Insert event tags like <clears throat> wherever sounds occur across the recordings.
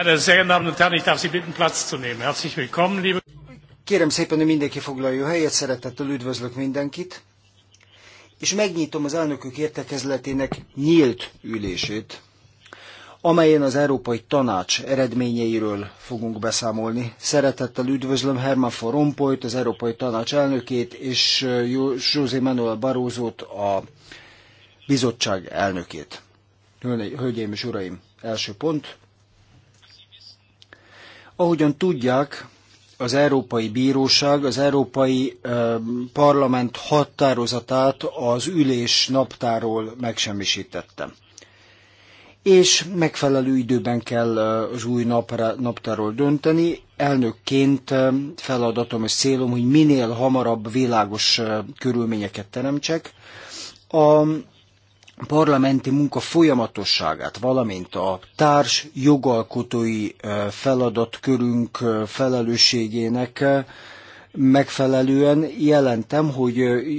Meine sehr geehrten Damen und Herren, ich darf Sie bitten, Platz zu nehmen. Herzlich willkommen, liebe... Kérem szépen, hogy mindenki foglaljon helyet, szeretettel üdvözlök mindenkit, és megnyitom az elnökök értekezletének nyílt ülését, amelyen az Európai Tanács eredményeiről fogunk beszámolni. Szeretettel üdvözlöm Herman von Rompuyt, az Európai Tanács elnökét, és uh, José Manuel Barózót, a bizottság elnökét. Hölgyeim és uraim, első pont, Ahogyan tudják, az Európai Bíróság, az Európai Parlament határozatát az ülés naptáról megsemmisítette. És megfelelő időben kell az új napra, naptáról dönteni. Elnökként feladatom és célom, hogy minél hamarabb világos körülményeket teremtsek. A parlamenti munka folyamatosságát, valamint a társ jogalkotói feladatkörünk felelősségének megfelelően jelentem, hogy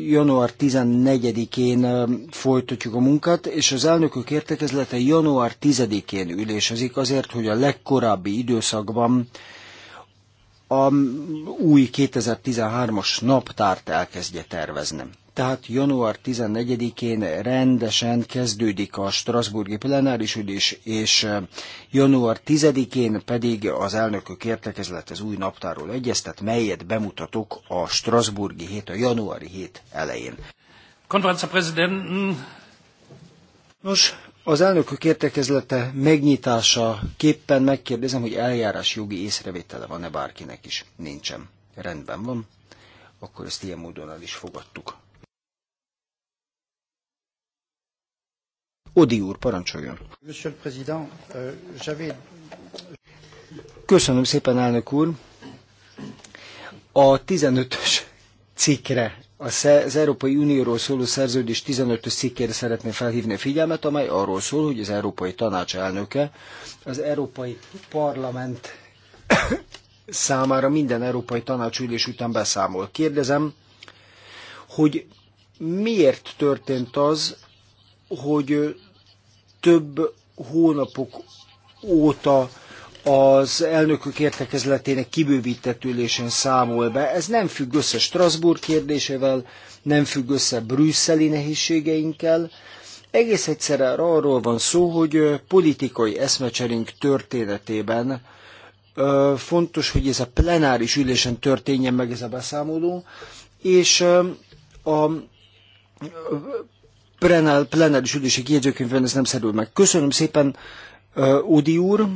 január 14-én folytatjuk a munkát, és az elnökök értekezlete január 10-én ülésezik azért, hogy a legkorábbi időszakban a új 2013-as naptárt elkezdje tervezni tehát január 14-én rendesen kezdődik a Strasburgi plenáris ülés, és január 10-én pedig az elnökök értekezlet az új naptáról egyeztet, melyet bemutatok a Strasburgi hét, a januári hét elején. Nos, az elnökök értekezlete megnyitása képpen megkérdezem, hogy eljárás jogi észrevétele van-e bárkinek is. Nincsen. Rendben van. Akkor ezt ilyen módon el is fogadtuk. Odi úr, parancsoljon. Euh, Köszönöm szépen, elnök úr. A 15-ös cikkre, az Európai Unióról szóló szerződés 15-ös cikkére szeretném felhívni a figyelmet, amely arról szól, hogy az Európai Tanács elnöke az Európai Parlament <coughs> számára minden Európai Tanácsülés után beszámol. Kérdezem, hogy miért történt az, hogy több hónapok óta az elnökök értekezletének kibővített ülésen számol be. Ez nem függ össze Strasbourg kérdésével, nem függ össze brüsszeli nehézségeinkkel. Egész egyszerűen arról van szó, hogy politikai eszmecserünk történetében fontos, hogy ez a plenáris ülésen történjen meg ez a beszámoló, és a plenáris ülési jegyzőkönyvben ez nem szerül meg. Köszönöm szépen, Udi úr.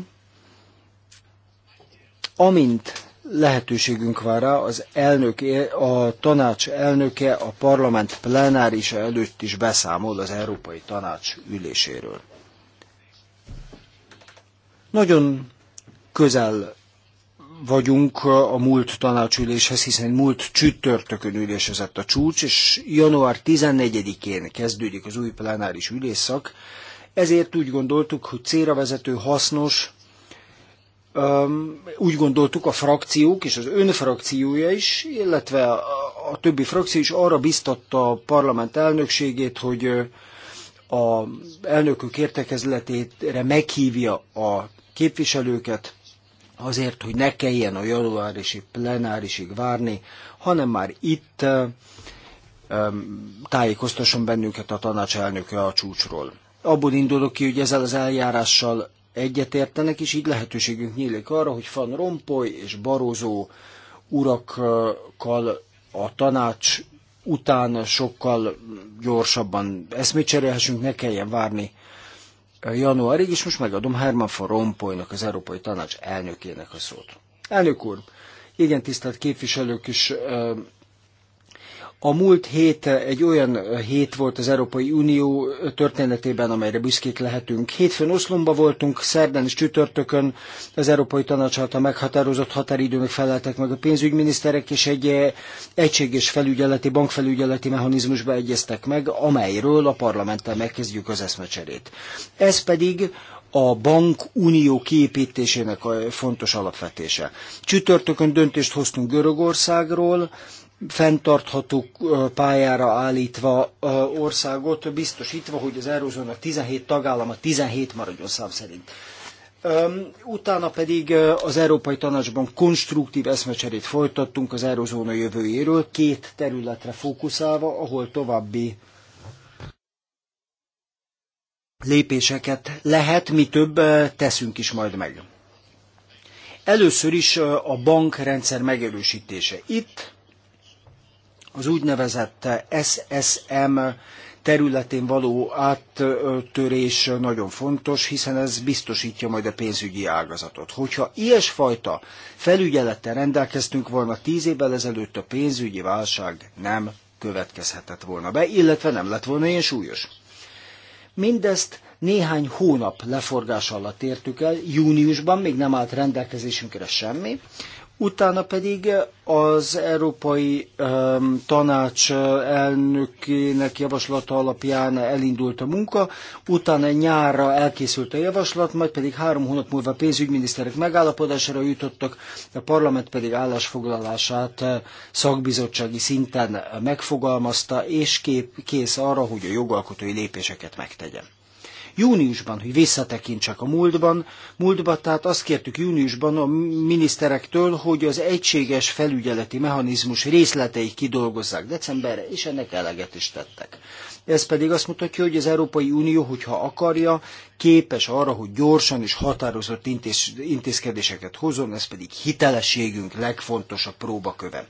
Amint lehetőségünk van rá, az elnök, a tanács elnöke a parlament plenárisa előtt is beszámol az Európai Tanács üléséről. Nagyon közel vagyunk a múlt tanácsüléshez, hiszen múlt csütörtökön ülésezett a csúcs, és január 14-én kezdődik az új plenáris ülésszak, ezért úgy gondoltuk, hogy célra vezető hasznos, úgy gondoltuk a frakciók és az ön frakciója is, illetve a többi frakció is arra biztatta a parlament elnökségét, hogy a elnökök értekezletére meghívja a képviselőket, azért, hogy ne kelljen a januárisi plenárisig várni, hanem már itt tájékoztasson bennünket a tanácselnöke a csúcsról. Abból indulok ki, hogy ezzel az eljárással egyetértenek, és így lehetőségünk nyílik arra, hogy Van Rompuy és Barózó urakkal a tanács után sokkal gyorsabban eszmét cserélhessünk, ne kelljen várni januárig, és most megadom Herman von Rompuynak, az Európai Tanács elnökének a szót. Elnök úr, igen, tisztelt képviselők is. A múlt hét eh, egy olyan eh, hét volt az Európai Unió eh, történetében, amelyre büszkék lehetünk. Hétfőn Oszlomba voltunk, szerdán és csütörtökön az Európai Tanács által meghatározott határidőnek feleltek meg a pénzügyminiszterek, és egy egységes felügyeleti, bankfelügyeleti mechanizmusba egyeztek meg, amelyről a parlamenttel megkezdjük az eszmecserét. Ez pedig a bank unió kiépítésének a fontos alapvetése. Csütörtökön döntést hoztunk Görögországról, fenntartható pályára állítva országot, biztosítva, hogy az Eurózóna 17 tagállama 17 maradjon szám szerint. Utána pedig az Európai Tanácsban konstruktív eszmecserét folytattunk az Eurózóna jövőjéről, két területre fókuszálva, ahol további lépéseket lehet, mi több teszünk is majd meg. Először is a bankrendszer megerősítése. Itt az úgynevezett SSM területén való áttörés nagyon fontos, hiszen ez biztosítja majd a pénzügyi ágazatot. Hogyha ilyesfajta felügyelettel rendelkeztünk volna tíz évvel ezelőtt, a pénzügyi válság nem következhetett volna be, illetve nem lett volna ilyen súlyos. Mindezt néhány hónap leforgása alatt értük el, júniusban még nem állt rendelkezésünkre semmi, Utána pedig az Európai um, Tanács eh, elnökének javaslata alapján elindult a munka, utána nyárra elkészült a javaslat, majd pedig három hónap múlva pénzügyminiszterek megállapodására jutottak, a parlament pedig állásfoglalását eh, szakbizottsági szinten megfogalmazta, és kép, kész arra, hogy a jogalkotói lépéseket megtegyen. Júniusban, hogy visszatekintsek a múltban, múltban tehát azt kértük júniusban a miniszterektől, hogy az egységes felügyeleti mechanizmus részletei kidolgozzák decemberre, és ennek eleget is tettek. Ez pedig azt mutatja, hogy az Európai Unió, hogyha akarja, képes arra, hogy gyorsan és határozott intéz, intézkedéseket hozzon, ez pedig hitelességünk legfontosabb próbaköve.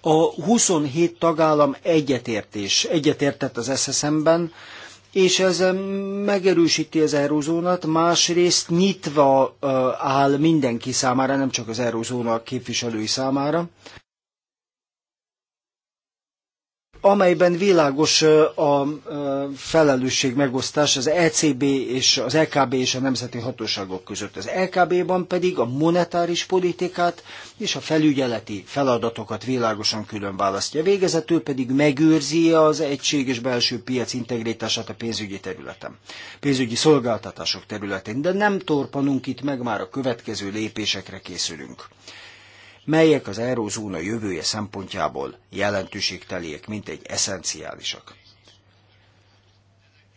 A 27 tagállam egyetértés, egyetértett az SSM-ben, és ez megerősíti az eurozónát, másrészt nyitva áll mindenki számára, nem csak az eurozóna képviselői számára amelyben világos a felelősség megosztás az ECB és az LKB e és a nemzeti hatóságok között. Az LKB-ban e pedig a monetáris politikát és a felügyeleti feladatokat világosan külön választja. Végezetül pedig megőrzi az egységes belső piac integritását a pénzügyi területen, pénzügyi szolgáltatások területén, de nem torpanunk itt meg, már a következő lépésekre készülünk melyek az eurózóna jövője szempontjából jelentőségteliek, mint egy eszenciálisak.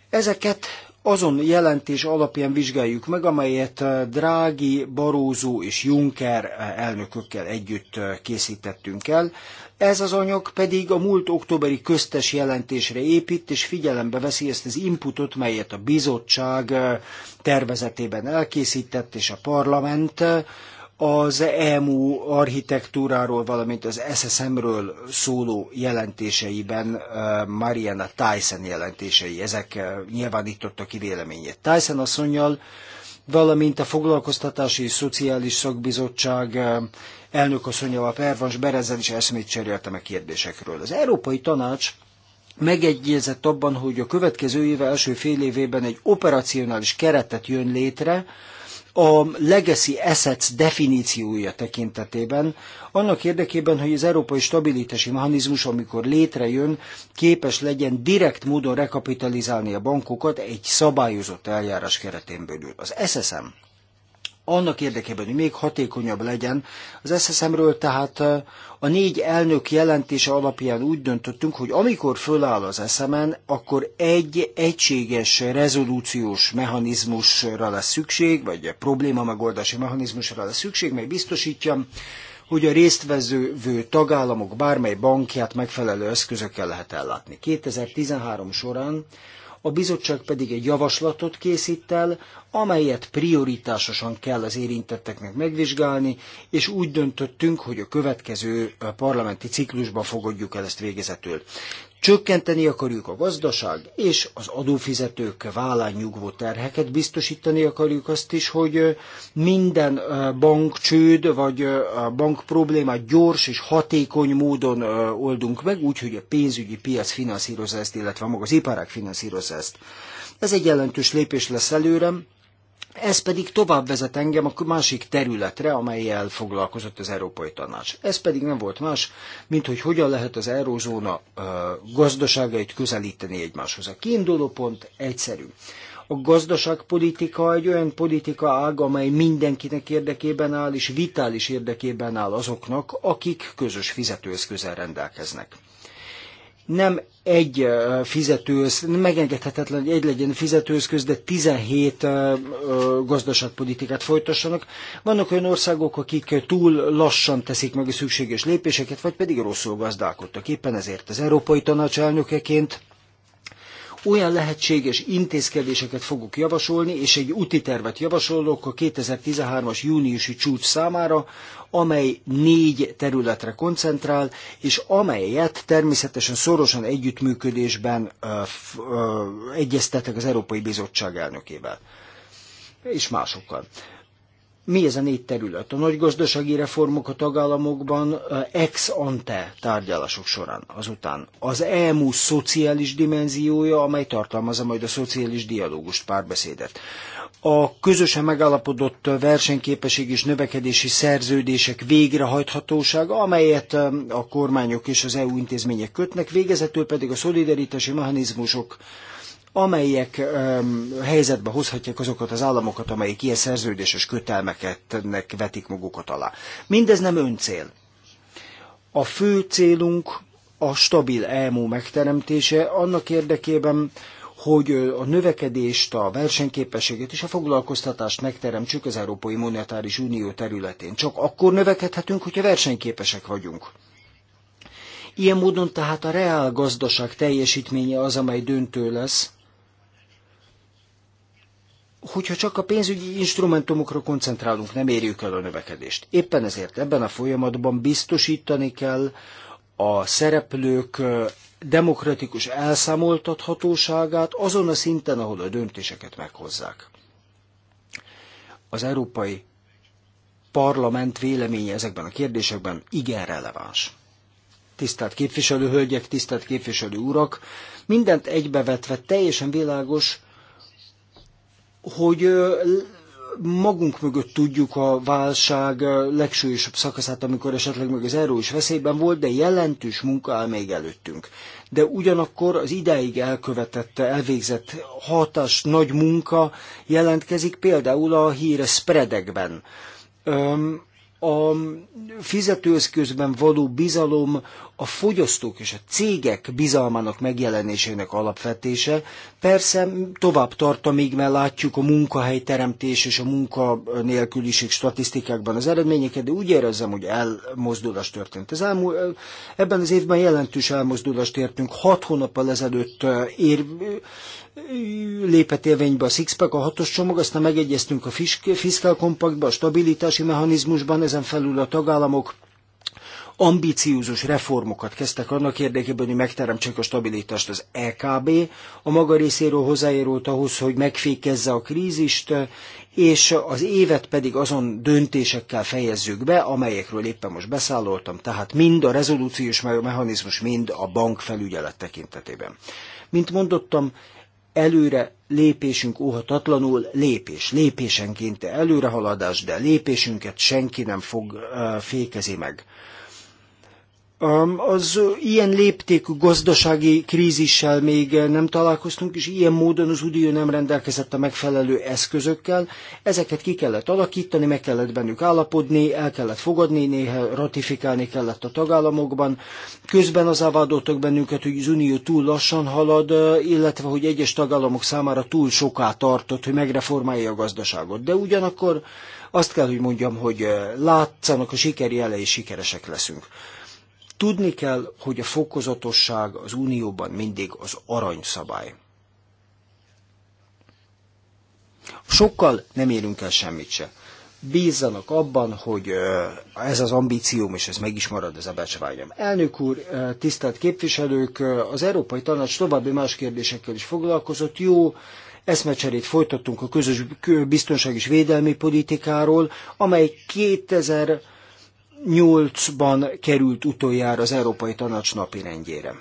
Ezeket azon jelentés alapján vizsgáljuk meg, amelyet eh, Drági, Barózó és Juncker eh, elnökökkel együtt eh, készítettünk el. Ez az anyag pedig a múlt októberi köztes jelentésre épít, és figyelembe veszi ezt az inputot, melyet a bizottság tervezetében elkészített, és a parlament az EMU architektúráról, valamint az SSM-ről szóló jelentéseiben uh, Mariana Tyson jelentései, ezek uh, nyilvánította ki véleményét. Tyson asszonynal, valamint a Foglalkoztatási és Szociális Szakbizottság uh, asszonyával Pervans Berezzel is eszmét cseréltem a kérdésekről. Az Európai Tanács megegyezett abban, hogy a következő év első fél évében egy operacionális keretet jön létre, a legacy assets definíciója tekintetében, annak érdekében, hogy az európai stabilitási mechanizmus, amikor létrejön, képes legyen direkt módon rekapitalizálni a bankokat egy szabályozott eljárás keretén belül. Az SSM annak érdekében, hogy még hatékonyabb legyen. Az SSM-ről tehát a négy elnök jelentése alapján úgy döntöttünk, hogy amikor föláll az SSM-en, akkor egy egységes rezolúciós mechanizmusra lesz szükség, vagy probléma megoldási mechanizmusra lesz szükség, mely biztosítja, hogy a résztvevő tagállamok bármely bankját megfelelő eszközökkel lehet ellátni. 2013 során a bizottság pedig egy javaslatot készít el, amelyet prioritásosan kell az érintetteknek megvizsgálni, és úgy döntöttünk, hogy a következő eh, parlamenti ciklusban fogadjuk el ezt végezetül. Csökkenteni akarjuk a gazdaság és az adófizetők vállán nyugvó terheket, biztosítani akarjuk azt is, hogy minden bankcsőd vagy bank problémát gyors és hatékony módon oldunk meg, úgyhogy a pénzügyi piac finanszírozza ezt, illetve maga az iparák finanszírozza ezt. Ez egy jelentős lépés lesz előrem, ez pedig tovább vezet engem a másik területre, amelyel foglalkozott az Európai Tanács. Ez pedig nem volt más, mint hogy hogyan lehet az eurózóna gazdaságait közelíteni egymáshoz. A kiinduló pont egyszerű. A gazdaságpolitika egy olyan politika ág, amely mindenkinek érdekében áll, és vitális érdekében áll azoknak, akik közös fizetőeszközzel rendelkeznek nem egy nem megengedhetetlen, hogy egy legyen fizetőeszköz, de 17 gazdaságpolitikát folytassanak. Vannak olyan országok, akik túl lassan teszik meg a szükséges lépéseket, vagy pedig rosszul gazdálkodtak. Éppen ezért az Európai Tanács elnökeként olyan lehetséges intézkedéseket fogok javasolni, és egy úti tervet javasolok a 2013-as júniusi csúcs számára, amely négy területre koncentrál, és amelyet természetesen szorosan együttműködésben ö, ö, egyeztetek az Európai Bizottság elnökével és másokkal mi ez a négy terület? A nagy gazdasági reformok a tagállamokban ex ante tárgyalások során azután. Az EMU szociális dimenziója, amely tartalmazza majd a szociális dialógust, párbeszédet. A közösen megállapodott versenyképesség és növekedési szerződések végrehajthatósága, amelyet a kormányok és az EU intézmények kötnek, végezetül pedig a szolidaritási mechanizmusok amelyek um, helyzetbe hozhatják azokat az államokat, amelyek ilyen szerződéses kötelmeket vetik magukat alá. Mindez nem öncél. A fő célunk a stabil EMU megteremtése annak érdekében, hogy a növekedést, a versenyképességet és a foglalkoztatást megteremtsük az Európai Monetáris Unió területén. Csak akkor növekedhetünk, hogyha versenyképesek vagyunk. Ilyen módon tehát a reál gazdaság teljesítménye az, amely döntő lesz, hogyha csak a pénzügyi instrumentumokra koncentrálunk, nem érjük el a növekedést. Éppen ezért ebben a folyamatban biztosítani kell a szereplők demokratikus elszámoltathatóságát azon a szinten, ahol a döntéseket meghozzák. Az Európai Parlament véleménye ezekben a kérdésekben igen releváns. Tisztelt képviselő hölgyek, tisztelt képviselő urak, mindent egybevetve teljesen világos, hogy magunk mögött tudjuk a válság legsúlyosabb szakaszát, amikor esetleg még az erő is veszélyben volt, de jelentős munka áll még előttünk. De ugyanakkor az ideig elkövetett, elvégzett hatás nagy munka jelentkezik például a híre spreadekben. Öm, a fizetőeszközben való bizalom a fogyasztók és a cégek bizalmának megjelenésének alapvetése. Persze tovább tart, amíg már látjuk a munkahelyteremtés és a munkanélküliség statisztikákban az eredményeket, de úgy érezzem, hogy elmozdulás történt. Az elmú, ebben az évben jelentős elmozdulást értünk. Hat hónappal ezelőtt eh, ér, lépett élvénybe a Sixpack, a hatos csomag, aztán megegyeztünk a fiscal kompaktba, a stabilitási mechanizmusban, ezen felül a tagállamok ambiciózus reformokat kezdtek annak érdekében, hogy megteremtsék a stabilitást az EKB, a maga részéről hozzájárult ahhoz, hogy megfékezze a krízist, és az évet pedig azon döntésekkel fejezzük be, amelyekről éppen most beszállottam, tehát mind a rezolúciós mechanizmus, mind a bankfelügyelet tekintetében. Mint mondottam, előre lépésünk óhatatlanul lépés, lépésenként előrehaladás, de lépésünket senki nem fog fékezi meg. Az ilyen léptékű gazdasági krízissel még nem találkoztunk, és ilyen módon az Unió nem rendelkezett a megfelelő eszközökkel. Ezeket ki kellett alakítani, meg kellett bennük állapodni, el kellett fogadni, néha ratifikálni kellett a tagállamokban. Közben az vádoltak bennünket, hogy az Unió túl lassan halad, illetve hogy egyes tagállamok számára túl soká tartott, hogy megreformálja a gazdaságot. De ugyanakkor azt kell, hogy mondjam, hogy látszanak a sikerjelei, sikeresek leszünk. Tudni kell, hogy a fokozatosság az Unióban mindig az aranyszabály. Sokkal nem érünk el semmit se. Bízzanak abban, hogy ez az ambícióm, és ez meg is marad, ez a becsvágyam. Elnök úr, tisztelt képviselők, az Európai Tanács további más kérdésekkel is foglalkozott. Jó, eszmecserét folytattunk a közös biztonság és védelmi politikáról, amely 2000 2008-ban került utoljára az Európai Tanács napirendjére.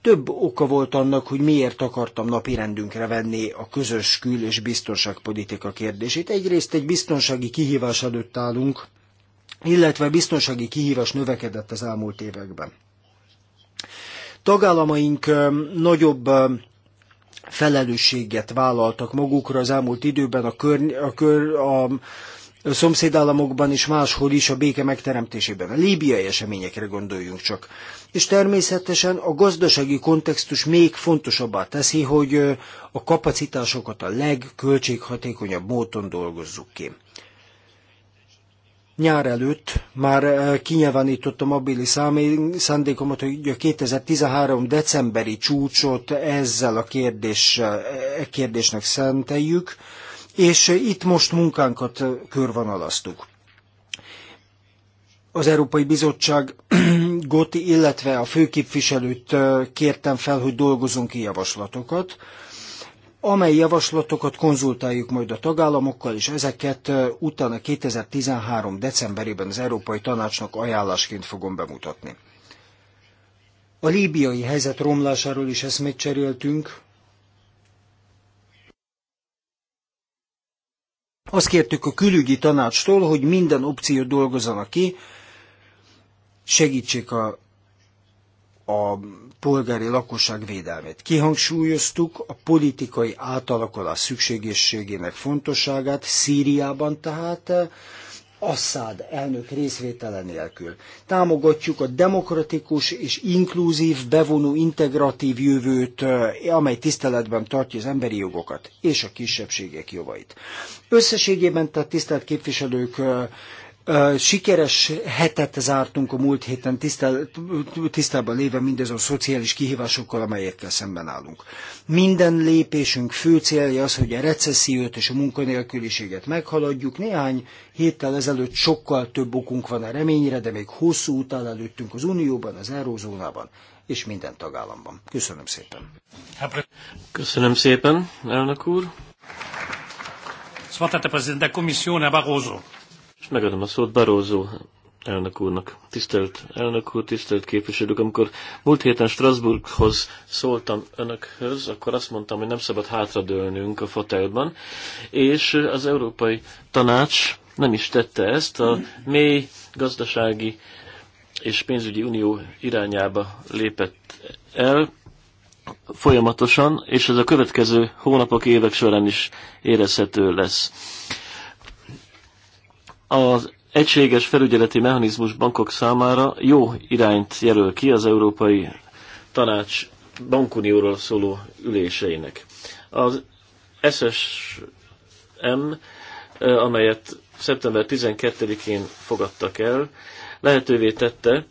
Több oka volt annak, hogy miért akartam napirendünkre venni a közös kül- és biztonságpolitika kérdését. Egyrészt egy biztonsági kihívás előtt állunk, illetve biztonsági kihívás növekedett az elmúlt években. Tagállamaink nagyobb felelősséget vállaltak magukra az elmúlt időben a, kör, a, kör, a a szomszédállamokban és máshol is a béke megteremtésében. A líbiai eseményekre gondoljunk csak. És természetesen a gazdasági kontextus még fontosabbá teszi, hogy a kapacitásokat a legköltséghatékonyabb módon dolgozzuk ki. Nyár előtt már kinyilvánítottam abbéli szándékomat, hogy a 2013. decemberi csúcsot ezzel a kérdés, e, e kérdésnek szenteljük, és itt most munkánkat körvonalaztuk. Az Európai Bizottság <clears throat> Goti, illetve a főképviselőt kértem fel, hogy dolgozunk ki javaslatokat, amely javaslatokat konzultáljuk majd a tagállamokkal, és ezeket utána 2013. decemberében az Európai Tanácsnak ajánlásként fogom bemutatni. A líbiai helyzet romlásáról is eszmét cseréltünk, Azt kértük a külügyi tanácstól, hogy minden opciót dolgozzanak ki, segítsék a, a polgári lakosság védelmét. Kihangsúlyoztuk a politikai átalakulás szükségességének fontosságát Szíriában tehát, Assad elnök részvétele nélkül. Támogatjuk a demokratikus és inkluzív, bevonó, integratív jövőt, eh, amely tiszteletben tartja az emberi jogokat és a kisebbségek jogait. Összességében, tehát tisztelt képviselők, eh, Sikeres hetet zártunk a múlt héten tisztában léve mindazon szociális kihívásokkal, amelyekkel szemben állunk. Minden lépésünk fő célja az, hogy a recessziót és a munkanélküliséget meghaladjuk. Néhány héttel ezelőtt sokkal több okunk van a reményre, de még hosszú után előttünk az Unióban, az Eurózónában és minden tagállamban. Köszönöm szépen. Köszönöm szépen, elnök úr. Szóval a Presidente Commissione Barroso. És megadom a szót Barózó elnök úrnak. Tisztelt elnök úr, tisztelt képviselők, amikor múlt héten Strasbourghoz szóltam önökhöz, akkor azt mondtam, hogy nem szabad hátradőlnünk a fotelban, és az Európai Tanács nem is tette ezt, a mély gazdasági és pénzügyi unió irányába lépett el folyamatosan, és ez a következő hónapok, évek során is érezhető lesz. Az egységes felügyeleti mechanizmus bankok számára jó irányt jelöl ki az Európai Tanács bankunióról szóló üléseinek. Az SSM, amelyet szeptember 12-én fogadtak el, lehetővé tette,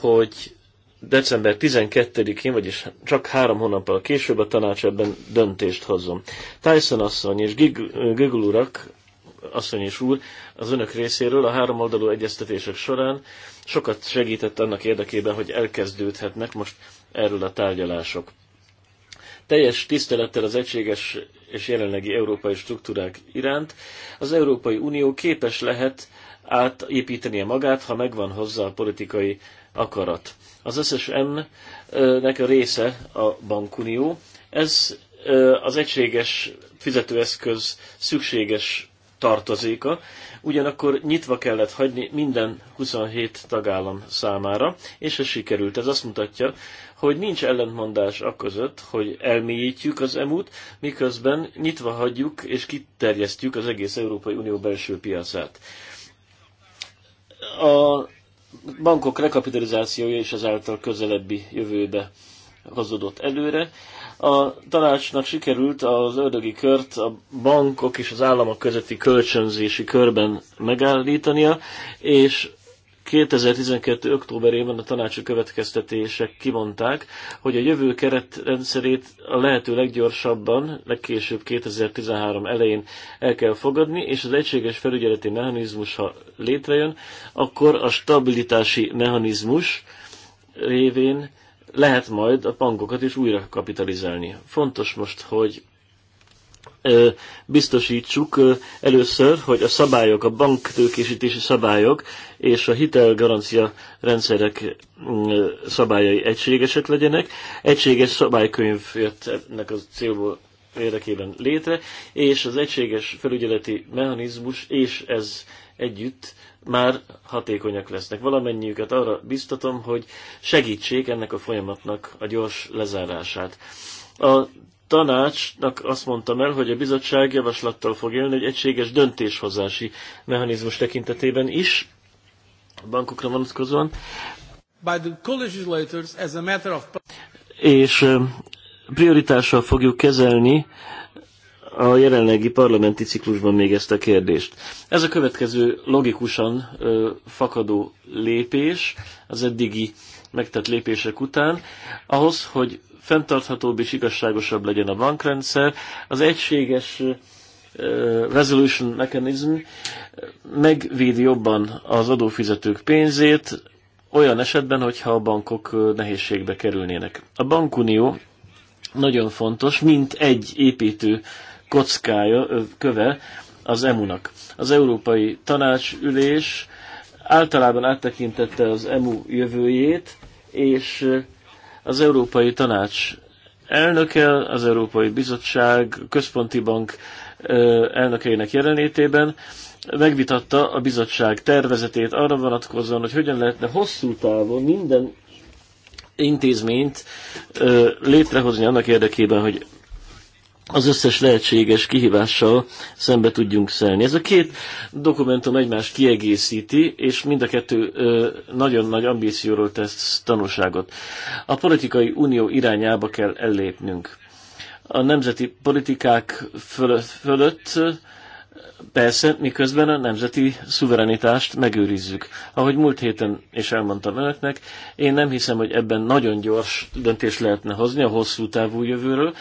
hogy december 12-én, vagyis csak három hónappal később a tanács ebben döntést hozzon. Tyson asszony és Gigulurak asszony és úr, az önök részéről a háromoldalú egyeztetések során sokat segített annak érdekében, hogy elkezdődhetnek most erről a tárgyalások. Teljes tisztelettel az egységes és jelenlegi európai struktúrák iránt az Európai Unió képes lehet átépítenie magát, ha megvan hozzá a politikai akarat. Az SSM-nek a része a bankunió. Ez az egységes fizetőeszköz szükséges tartozéka, ugyanakkor nyitva kellett hagyni minden 27 tagállam számára, és ez sikerült. Ez azt mutatja, hogy nincs ellentmondás a között, hogy elmélyítjük az EMU-t, miközben nyitva hagyjuk és kiterjesztjük az egész Európai Unió belső piacát. A bankok rekapitalizációja is ezáltal közelebbi jövőbe hozódott előre, a tanácsnak sikerült az ördögi kört a bankok és az államok közötti kölcsönzési körben megállítania, és 2012. októberében a tanácsi következtetések kimondták, hogy a jövő keretrendszerét a lehető leggyorsabban, legkésőbb 2013 elején el kell fogadni, és az egységes felügyeleti mechanizmus, ha létrejön, akkor a stabilitási mechanizmus révén lehet majd a bankokat is újra kapitalizálni. Fontos most, hogy biztosítsuk először, hogy a szabályok, a banktőkésítési szabályok és a hitelgarancia rendszerek mm, szabályai egységesek legyenek. Egységes szabálykönyv jött ennek a célból érdekében létre, és az egységes felügyeleti mechanizmus, és ez együtt már hatékonyak lesznek. Valamennyiüket arra biztatom, hogy segítsék ennek a folyamatnak a gyors lezárását. A tanácsnak azt mondtam el, hogy a bizottság javaslattal fog élni, hogy egységes döntéshozási mechanizmus tekintetében is, a bankokra vonatkozóan. By the co-legislators as a matter of... És prioritással fogjuk kezelni a jelenlegi parlamenti ciklusban még ezt a kérdést. Ez a következő logikusan ö, fakadó lépés az eddigi megtett lépések után, ahhoz, hogy fenntarthatóbb és igazságosabb legyen a bankrendszer, az egységes ö, resolution mechanism megvédi jobban az adófizetők pénzét, olyan esetben, hogyha a bankok nehézségbe kerülnének. A bankunió nagyon fontos, mint egy építő kockája, köve az EMU-nak. Az Európai Tanácsülés általában áttekintette az EMU jövőjét, és az Európai Tanács elnöke, az Európai Bizottság, Központi Bank elnökeinek jelenlétében megvitatta a bizottság tervezetét arra vonatkozóan, hogy hogyan lehetne hosszú távon minden intézményt létrehozni annak érdekében, hogy az összes lehetséges kihívással szembe tudjunk szelni. Ez a két dokumentum egymást kiegészíti, és mind a kettő nagyon nagy ambícióról tesz tanúságot. A politikai unió irányába kell ellépnünk. A nemzeti politikák fölött, fölött persze, miközben a nemzeti szuverenitást megőrizzük. Ahogy múlt héten is elmondtam önöknek, én nem hiszem, hogy ebben nagyon gyors döntést lehetne hozni a hosszú távú jövőről,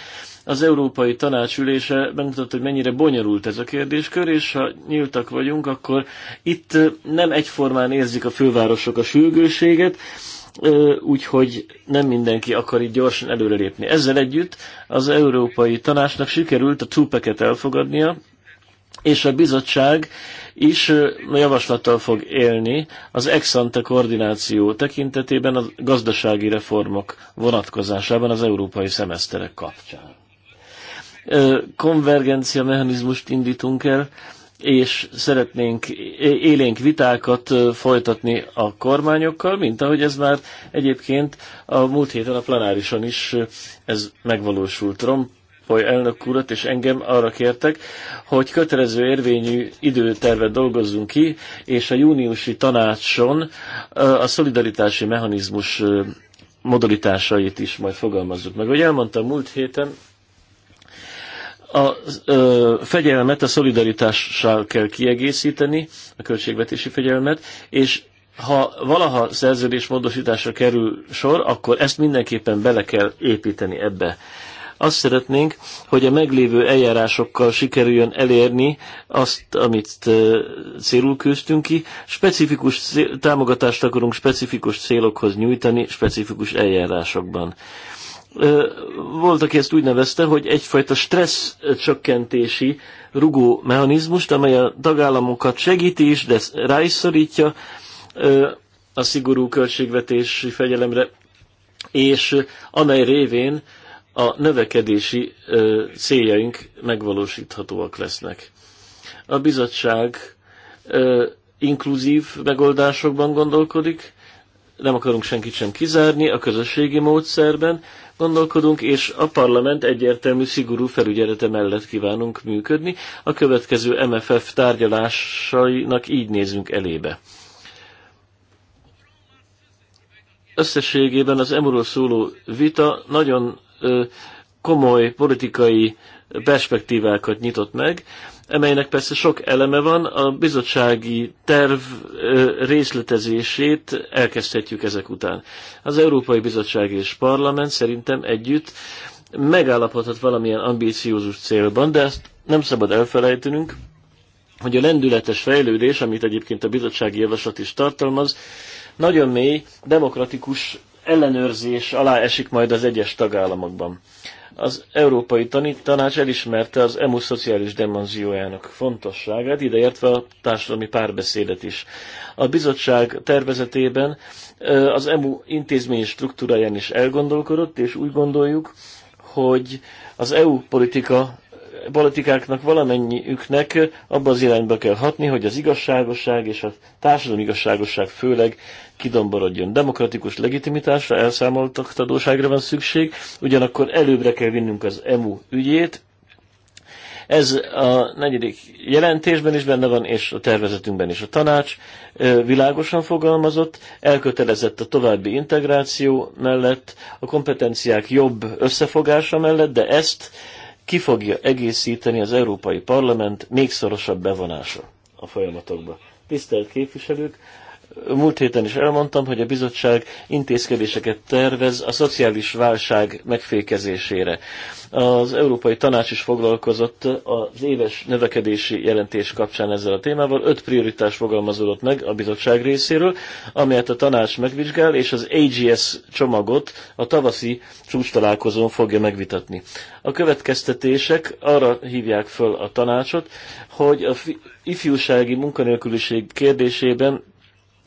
az Európai Tanács ülése bemutatta, hogy mennyire bonyolult ez a kérdéskör, és ha nyíltak vagyunk, akkor itt nem egyformán érzik a fővárosok a sürgőséget, úgyhogy nem mindenki akar itt gyorsan előrelépni. Ezzel együtt az Európai Tanácsnak sikerült a túpeket elfogadnia, és a bizottság is javaslattal fog élni az ex-ante koordináció tekintetében a gazdasági reformok vonatkozásában az európai szemeszterek kapcsán konvergencia mechanizmust indítunk el, és szeretnénk élénk vitákat folytatni a kormányokkal, mint ahogy ez már egyébként a múlt héten a plenárison is ez megvalósult. Rom Rompoly elnök urat és engem arra kértek, hogy kötelező érvényű időtervet dolgozzunk ki, és a júniusi tanácson a szolidaritási mechanizmus modalitásait is majd fogalmazzuk meg. Ahogy elmondtam múlt héten, a ö, fegyelmet a szolidaritással kell kiegészíteni, a költségvetési fegyelmet, és ha valaha szerződésmódosításra kerül sor, akkor ezt mindenképpen bele kell építeni ebbe. Azt szeretnénk, hogy a meglévő eljárásokkal sikerüljön elérni azt, amit célul küzdtünk ki. Specifikus cél, támogatást akarunk specifikus célokhoz nyújtani, specifikus eljárásokban volt, aki ezt úgy nevezte, hogy egyfajta stressz csökkentési rugó mechanizmust, amely a tagállamokat segíti is, de rá is szorítja a szigorú költségvetési fegyelemre, és amely révén a növekedési céljaink megvalósíthatóak lesznek. A bizottság inkluzív megoldásokban gondolkodik, nem akarunk senkit sem kizárni a közösségi módszerben, gondolkodunk, és a parlament egyértelmű, szigorú felügyelete mellett kívánunk működni. A következő MFF tárgyalásainak így nézünk elébe. Összességében az emuról szóló vita nagyon ö, komoly politikai perspektívákat nyitott meg, amelynek persze sok eleme van, a bizottsági terv részletezését elkezdhetjük ezek után. Az Európai Bizottság és Parlament szerintem együtt megállapodhat valamilyen ambíciózus célban, de ezt nem szabad elfelejtenünk, hogy a lendületes fejlődés, amit egyébként a bizottsági javaslat is tartalmaz, nagyon mély demokratikus ellenőrzés alá esik majd az egyes tagállamokban. Az Európai Tanács elismerte az EMU szociális demanziójának fontosságát, ideértve a társadalmi párbeszédet is. A bizottság tervezetében az EMU intézményi struktúráján is elgondolkodott, és úgy gondoljuk, hogy az EU politika politikáknak valamennyiüknek abba az irányba kell hatni, hogy az igazságosság és a társadalmi igazságosság főleg kidomborodjon. Demokratikus legitimitásra, elszámoltatóságra van szükség, ugyanakkor előbbre kell vinnünk az EMU ügyét, ez a negyedik jelentésben is benne van, és a tervezetünkben is a tanács világosan fogalmazott, elkötelezett a további integráció mellett, a kompetenciák jobb összefogása mellett, de ezt ki fogja egészíteni az Európai Parlament még szorosabb bevonása a folyamatokba. Tisztelt képviselők, Múlt héten is elmondtam, hogy a bizottság intézkedéseket tervez a szociális válság megfékezésére. Az Európai Tanács is foglalkozott az éves növekedési jelentés kapcsán ezzel a témával. Öt prioritás fogalmazódott meg a bizottság részéről, amelyet a tanács megvizsgál, és az AGS csomagot a tavaszi csúcs találkozón fogja megvitatni. A következtetések arra hívják föl a tanácsot, hogy a ifjúsági munkanélküliség kérdésében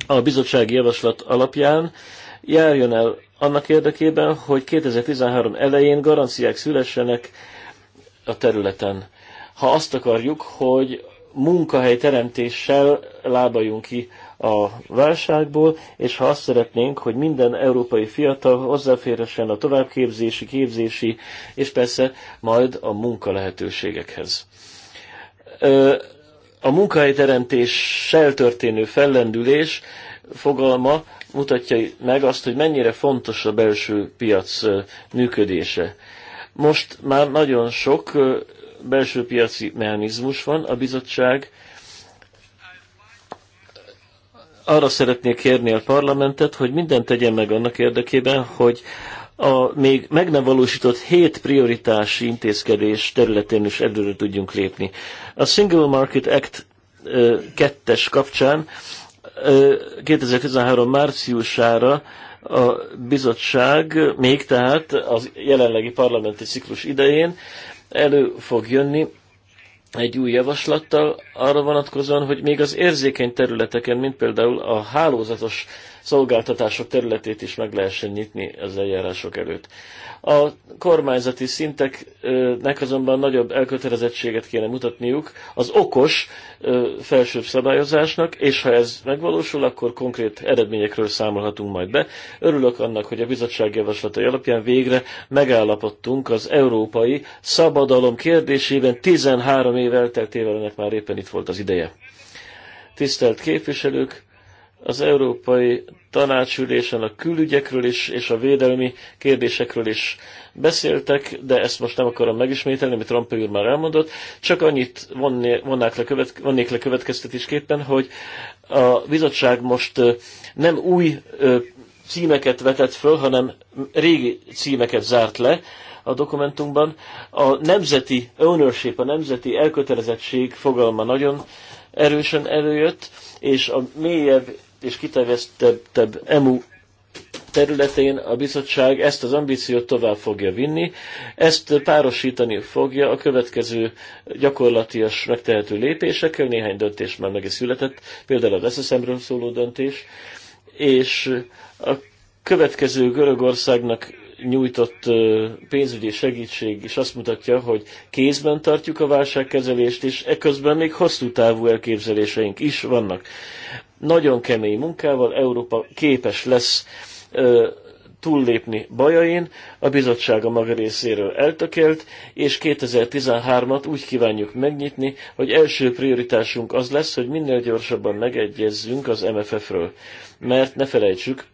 a bizottsági javaslat alapján járjon el annak érdekében, hogy 2013 elején garanciák szülessenek a területen. Ha azt akarjuk, hogy munkahely teremtéssel lábaljunk ki a válságból, és ha azt szeretnénk, hogy minden európai fiatal hozzáférhessen a továbbképzési, képzési, és persze majd a munka lehetőségekhez a munkahelyteremtéssel történő fellendülés fogalma mutatja meg azt, hogy mennyire fontos a belső piac működése. Most már nagyon sok belső piaci mechanizmus van, a bizottság arra szeretnék kérni a parlamentet, hogy mindent tegyen meg annak érdekében, hogy a még meg nem valósított hét prioritási intézkedés területén is előre tudjunk lépni. A Single Market Act 2-es kapcsán 2013 márciusára a bizottság még tehát az jelenlegi parlamenti ciklus idején elő fog jönni egy új javaslattal arra vonatkozóan, hogy még az érzékeny területeken, mint például a hálózatos szolgáltatások területét is meg lehessen nyitni az eljárások előtt. A kormányzati szinteknek azonban nagyobb elkötelezettséget kéne mutatniuk az okos felsőbb szabályozásnak, és ha ez megvalósul, akkor konkrét eredményekről számolhatunk majd be. Örülök annak, hogy a bizottság javaslatai alapján végre megállapodtunk az európai szabadalom kérdésében 13 év elteltével ennek már éppen itt volt az ideje. Tisztelt képviselők, az Európai Tanácsülésen a külügyekről is, és a védelmi kérdésekről is beszéltek, de ezt most nem akarom megismételni, amit Trump úr már elmondott, csak annyit vonnék le, követ, le következtetésképpen, hogy a bizottság most nem új címeket vetett föl, hanem régi címeket zárt le a dokumentumban. A nemzeti ownership, a nemzeti elkötelezettség fogalma nagyon erősen előjött, és a mélyebb és kiterjesztettebb EMU területén a bizottság ezt az ambíciót tovább fogja vinni, ezt párosítani fogja a következő gyakorlatias megtehető lépésekkel, néhány döntés már meg is született, például az ssm szóló döntés, és a következő Görögországnak nyújtott pénzügyi segítség is azt mutatja, hogy kézben tartjuk a válságkezelést, és eközben még hosszú távú elképzeléseink is vannak. Nagyon kemény munkával Európa képes lesz túllépni bajain, a bizottság a maga részéről eltökélt, és 2013-at úgy kívánjuk megnyitni, hogy első prioritásunk az lesz, hogy minél gyorsabban megegyezzünk az MFF-ről. Mert ne felejtsük,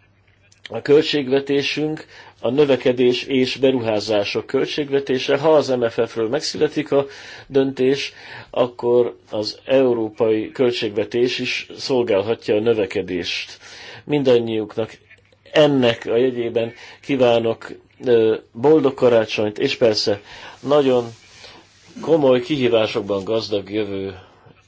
a költségvetésünk a növekedés és beruházások költségvetése. Ha az MFF-ről megszületik a döntés, akkor az európai költségvetés is szolgálhatja a növekedést. Mindannyiuknak ennek a jegyében kívánok boldog karácsonyt, és persze nagyon komoly kihívásokban gazdag jövő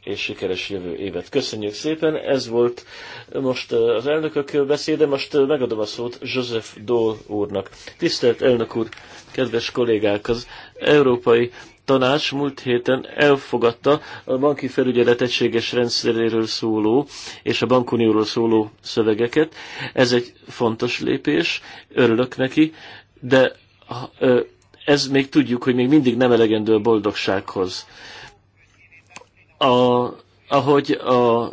és sikeres jövő évet. Köszönjük szépen, ez volt most eh, az elnökök beszéde, most eh, megadom a szót Joseph Dole úrnak. Tisztelt elnök úr, kedves kollégák, az Európai Tanács múlt héten elfogadta a banki felügyelet egységes rendszeréről szóló és a bankunióról szóló szövegeket. Ez egy fontos lépés, örülök neki, de eh, ez még tudjuk, hogy még mindig nem elegendő a boldogsághoz a, ahogy a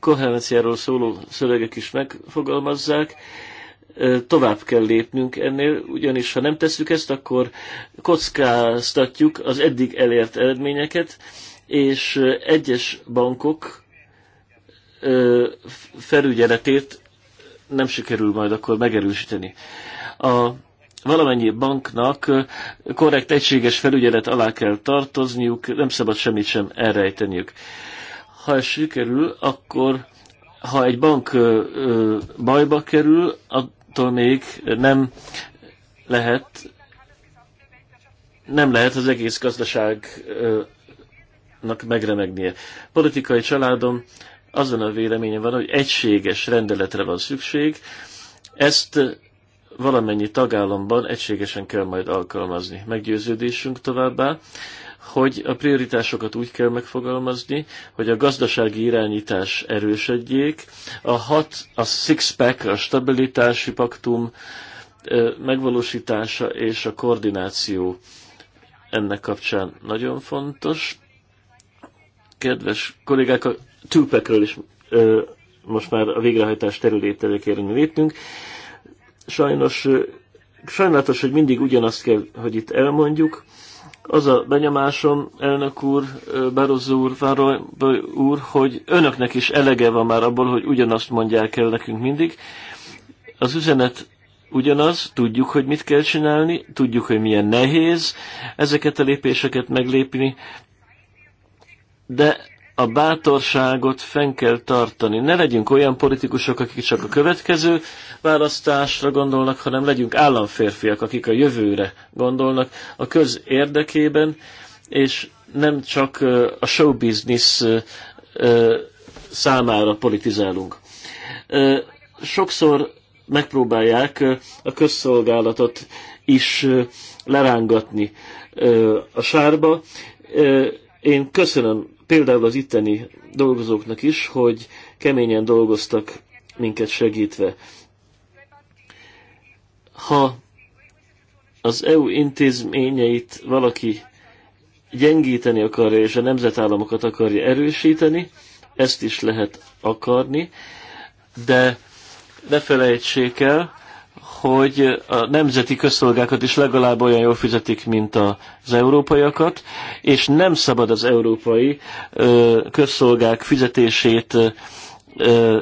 koherenciáról szóló szövegek is megfogalmazzák, tovább kell lépnünk ennél, ugyanis ha nem tesszük ezt, akkor kockáztatjuk az eddig elért eredményeket, és egyes bankok felügyeletét nem sikerül majd akkor megerősíteni. A valamennyi banknak korrekt egységes felügyelet alá kell tartozniuk, nem szabad semmit sem elrejteniük. Ha ez sikerül, akkor ha egy bank bajba kerül, attól még nem lehet nem lehet az egész gazdaságnak megremegnie. Politikai családom azon a véleménye van, hogy egységes rendeletre van szükség. Ezt valamennyi tagállamban egységesen kell majd alkalmazni. Meggyőződésünk továbbá, hogy a prioritásokat úgy kell megfogalmazni, hogy a gazdasági irányítás erősödjék, a hat, a six-pack, a stabilitási paktum megvalósítása és a koordináció ennek kapcsán nagyon fontos. Kedves kollégák, a two is most már a végrehajtás területére kérünk lépnünk sajnos sajnálatos, hogy mindig ugyanazt kell, hogy itt elmondjuk. Az a benyomásom, elnök úr, Barozó úr, Fároly úr, hogy önöknek is elege van már abból, hogy ugyanazt mondják el nekünk mindig. Az üzenet ugyanaz, tudjuk, hogy mit kell csinálni, tudjuk, hogy milyen nehéz ezeket a lépéseket meglépni, de a bátorságot fenn kell tartani. Ne legyünk olyan politikusok, akik csak a következő választásra gondolnak, hanem legyünk államférfiak, akik a jövőre gondolnak, a köz érdekében, és nem csak a show business számára politizálunk. Sokszor megpróbálják a közszolgálatot is lerángatni a sárba. Én köszönöm például az itteni dolgozóknak is, hogy keményen dolgoztak minket segítve. Ha az EU intézményeit valaki gyengíteni akarja, és a nemzetállamokat akarja erősíteni, ezt is lehet akarni, de ne felejtsék el, hogy a nemzeti közszolgákat is legalább olyan jól fizetik, mint az európaiakat, és nem szabad az európai közszolgák fizetését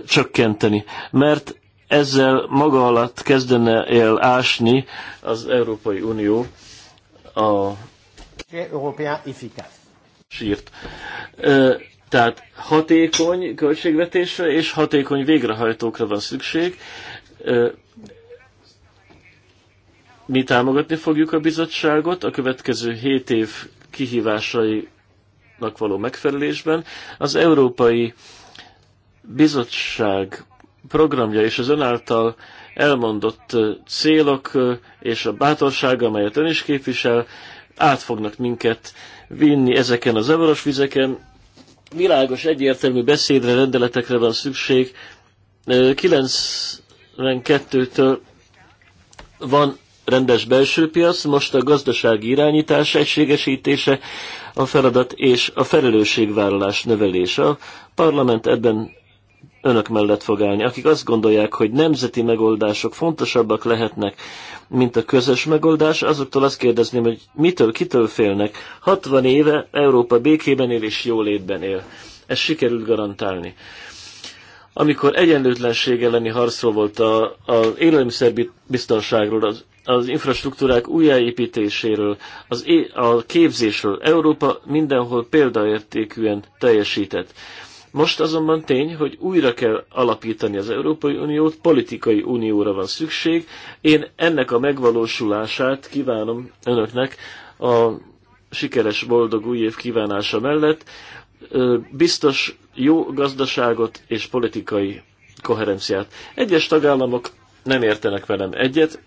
csökkenteni, mert ezzel maga alatt kezdene el ásni az Európai Unió a sírt. Tehát hatékony költségvetésre és hatékony végrehajtókra van szükség, mi támogatni fogjuk a bizottságot a következő 7 év kihívásainak való megfelelésben. Az Európai Bizottság programja és az ön által elmondott célok és a bátorság, amelyet ön is képvisel, át fognak minket vinni ezeken az zavaros vizeken. Világos, egyértelmű beszédre, rendeletekre van szükség. 92-től van rendes belső piac, most a gazdasági irányítás egységesítése, a feladat és a felelősségvállalás növelése. A parlament ebben önök mellett fog állni. Akik azt gondolják, hogy nemzeti megoldások fontosabbak lehetnek, mint a közös megoldás, azoktól azt kérdezném, hogy mitől, kitől félnek. 60 éve Európa békében él és jólétben él. Ezt sikerült garantálni. Amikor egyenlőtlenség elleni harcról volt a, a élelmiszerbiztonságról, az az infrastruktúrák újjáépítéséről, az é- a képzésről. Európa mindenhol példaértékűen teljesített. Most azonban tény, hogy újra kell alapítani az Európai Uniót, politikai unióra van szükség. Én ennek a megvalósulását kívánom önöknek a sikeres, boldog új év kívánása mellett. Biztos jó gazdaságot és politikai koherenciát. Egyes tagállamok nem értenek velem egyet,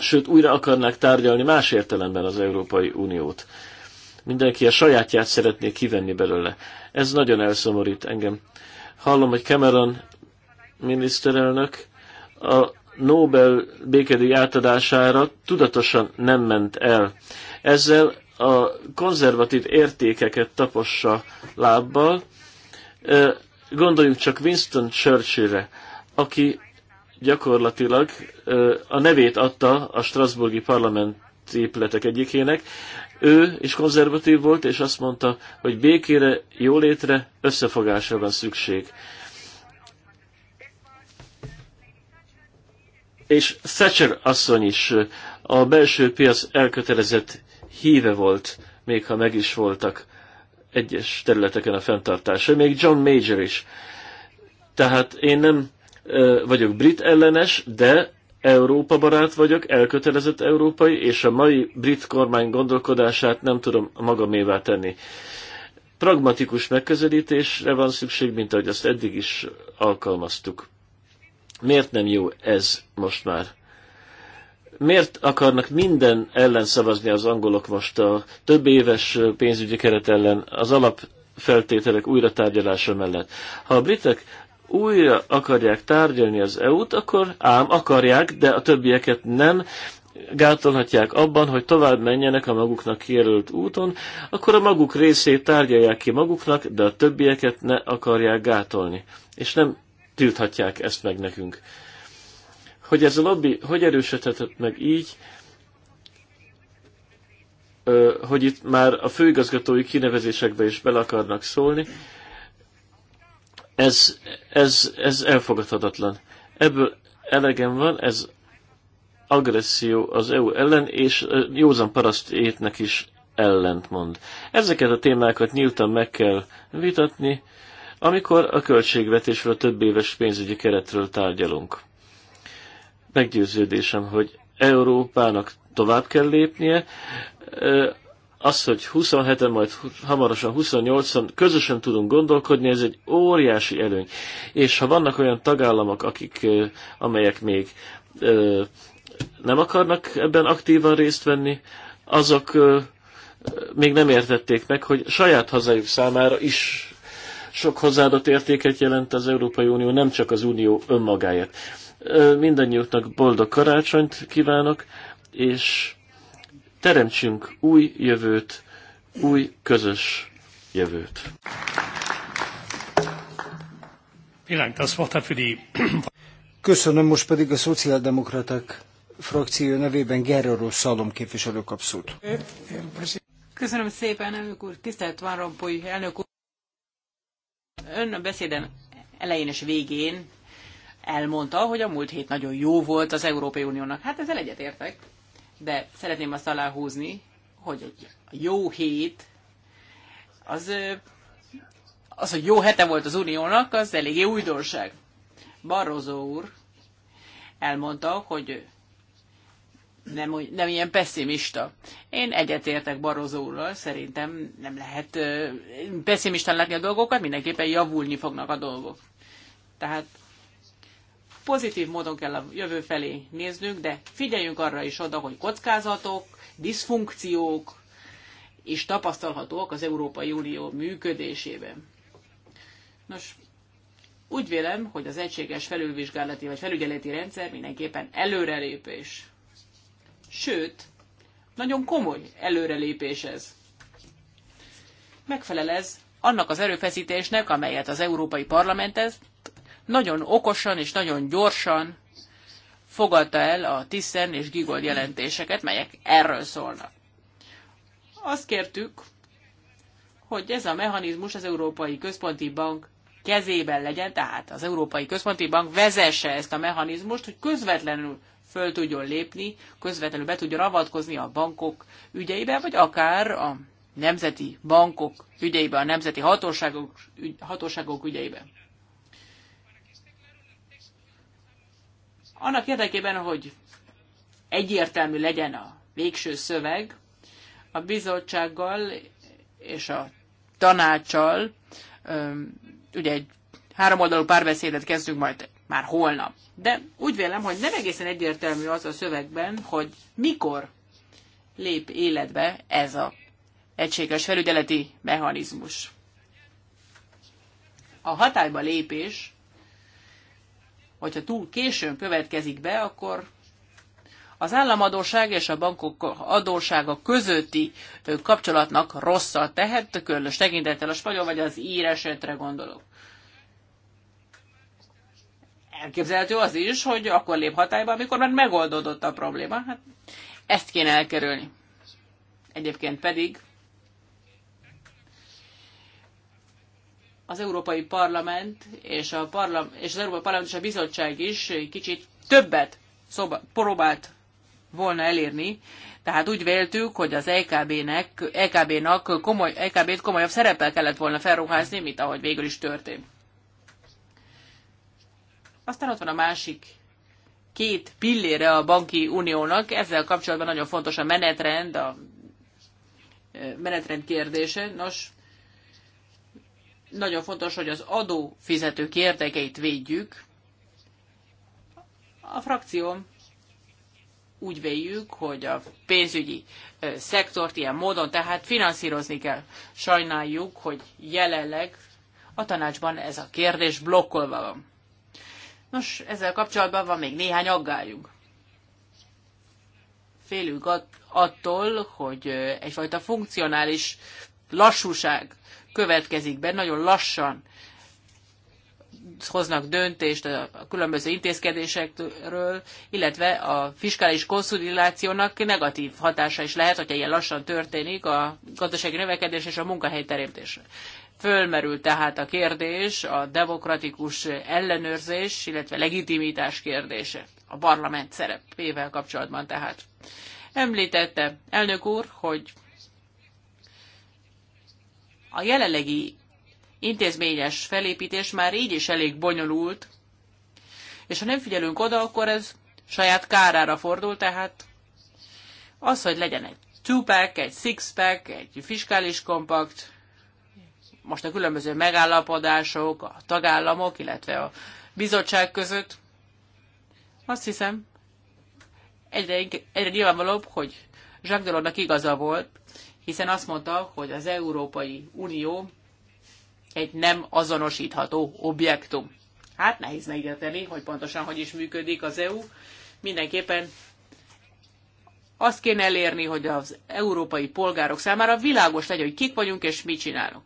sőt újra akarnák tárgyalni más értelemben az Európai Uniót. Mindenki a sajátját szeretné kivenni belőle. Ez nagyon elszomorít engem. Hallom, hogy Cameron miniszterelnök a Nobel békedíj átadására tudatosan nem ment el. Ezzel a konzervatív értékeket tapossa lábbal. Gondoljunk csak Winston Churchillre, aki gyakorlatilag a nevét adta a Strasburgi parlament épületek egyikének. Ő is konzervatív volt, és azt mondta, hogy békére, jólétre, összefogásra van szükség. És Thatcher asszony is a belső piac elkötelezett híve volt, még ha meg is voltak egyes területeken a fenntartása, még John Major is. Tehát én nem vagyok brit ellenes, de Európa barát vagyok, elkötelezett európai, és a mai brit kormány gondolkodását nem tudom magamévá tenni. Pragmatikus megközelítésre van szükség, mint ahogy azt eddig is alkalmaztuk. Miért nem jó ez most már? Miért akarnak minden ellen szavazni az angolok most a több éves pénzügyi keret ellen, az alapfeltételek újra tárgyalása mellett? Ha a britek újra akarják tárgyalni az EU-t, akkor ám akarják, de a többieket nem gátolhatják abban, hogy tovább menjenek a maguknak kijelölt úton, akkor a maguk részét tárgyalják ki maguknak, de a többieket ne akarják gátolni. És nem tilthatják ezt meg nekünk. Hogy ez a lobby hogy erősödhetett meg így, hogy itt már a főigazgatói kinevezésekbe is bele akarnak szólni, ez, ez, ez elfogadhatatlan. Ebből elegem van, ez agresszió az EU ellen, és józan paraszt étnek is ellentmond. Ezeket a témákat nyíltan meg kell vitatni, amikor a költségvetésről a több éves pénzügyi keretről tárgyalunk. Meggyőződésem, hogy Európának tovább kell lépnie, az, hogy 27-en, majd hamarosan 28-an közösen tudunk gondolkodni, ez egy óriási előny. És ha vannak olyan tagállamok, akik, amelyek még nem akarnak ebben aktívan részt venni, azok még nem értették meg, hogy saját hazájuk számára is sok hozzáadott értéket jelent az Európai Unió, nem csak az Unió önmagáért. Mindannyiuknak boldog karácsonyt kívánok, és Teremtsünk új jövőt, új közös jövőt. Köszönöm, most pedig a szociáldemokraták frakció nevében Gerrero Szalom képviselő kapszót. Köszönöm szépen, elnök úr. Tisztelt Van Rompuy, elnök úr. Ön a beszéden elején és végén elmondta, hogy a múlt hét nagyon jó volt az Európai Uniónak. Hát ezzel egyetértek de szeretném azt aláhúzni, hogy egy jó hét, az, az, hogy jó hete volt az Uniónak, az eléggé újdonság. Barroso úr elmondta, hogy nem, nem ilyen pessimista. Én egyetértek Barroso úrral, szerintem nem lehet pessimistán látni a dolgokat, mindenképpen javulni fognak a dolgok. Tehát Pozitív módon kell a jövő felé néznünk, de figyeljünk arra is oda, hogy kockázatok, diszfunkciók is tapasztalhatóak az Európai Unió működésében. Nos, úgy vélem, hogy az egységes felülvizsgálati vagy felügyeleti rendszer mindenképpen előrelépés. Sőt, nagyon komoly előrelépés ez. Megfelel ez annak az erőfeszítésnek, amelyet az Európai Parlament ez nagyon okosan és nagyon gyorsan fogadta el a Tiszen és Gigol jelentéseket, melyek erről szólnak. Azt kértük, hogy ez a mechanizmus az Európai Központi Bank kezében legyen, tehát az Európai Központi Bank vezesse ezt a mechanizmust, hogy közvetlenül föl tudjon lépni, közvetlenül be tudjon avatkozni a bankok ügyeibe, vagy akár a nemzeti bankok ügyeibe, a nemzeti hatóságok, hatóságok ügyeibe. Annak érdekében, hogy egyértelmű legyen a végső szöveg, a bizottsággal és a tanácsal, ugye egy háromoldalú párbeszédet kezdünk majd már holnap. De úgy vélem, hogy nem egészen egyértelmű az a szövegben, hogy mikor lép életbe ez a egységes felügyeleti mechanizmus. A hatályba lépés hogyha túl későn következik be, akkor az államadóság és a bankok adósága közötti kapcsolatnak rosszat tehet, különös tekintettel a spanyol vagy az ír esetre gondolok. Elképzelhető az is, hogy akkor lép hatályba, amikor már megoldódott a probléma. Hát ezt kéne elkerülni. Egyébként pedig az Európai Parlament és, a parlam, és az Európai Parlament és a Bizottság is kicsit többet szoba, próbált volna elérni, tehát úgy véltük, hogy az EKB-nek, EKB-nak komoly, EKB-t komolyabb szerepel kellett volna felruházni, mint ahogy végül is történt. Aztán ott van a másik két pillére a banki uniónak, ezzel kapcsolatban nagyon fontos a menetrend, a menetrend kérdése. Nos, nagyon fontos, hogy az adófizetők érdekeit védjük. A frakcióm úgy véljük, hogy a pénzügyi szektort ilyen módon, tehát finanszírozni kell. Sajnáljuk, hogy jelenleg a tanácsban ez a kérdés blokkolva van. Nos, ezzel kapcsolatban van még néhány aggályunk. Félünk attól, hogy egyfajta funkcionális lassúság következik be, nagyon lassan hoznak döntést a különböző intézkedésekről, illetve a fiskális konszolidációnak negatív hatása is lehet, hogyha ilyen lassan történik a gazdasági növekedés és a munkahelyteremtés. Fölmerül tehát a kérdés, a demokratikus ellenőrzés, illetve legitimitás kérdése a parlament szerepével kapcsolatban tehát. Említette elnök úr, hogy a jelenlegi intézményes felépítés már így is elég bonyolult, és ha nem figyelünk oda, akkor ez saját kárára fordul, tehát az, hogy legyen egy two-pack, egy six-pack, egy fiskális kompakt, most a különböző megállapodások, a tagállamok, illetve a bizottság között, azt hiszem, egyre, egyre nyilvánvalóbb, hogy Jacques Delornak igaza volt, hiszen azt mondta, hogy az Európai Unió egy nem azonosítható objektum. Hát nehéz megérteni, hogy pontosan hogy is működik az EU. Mindenképpen azt kéne elérni, hogy az európai polgárok számára világos legyen, hogy kik vagyunk és mit csinálunk.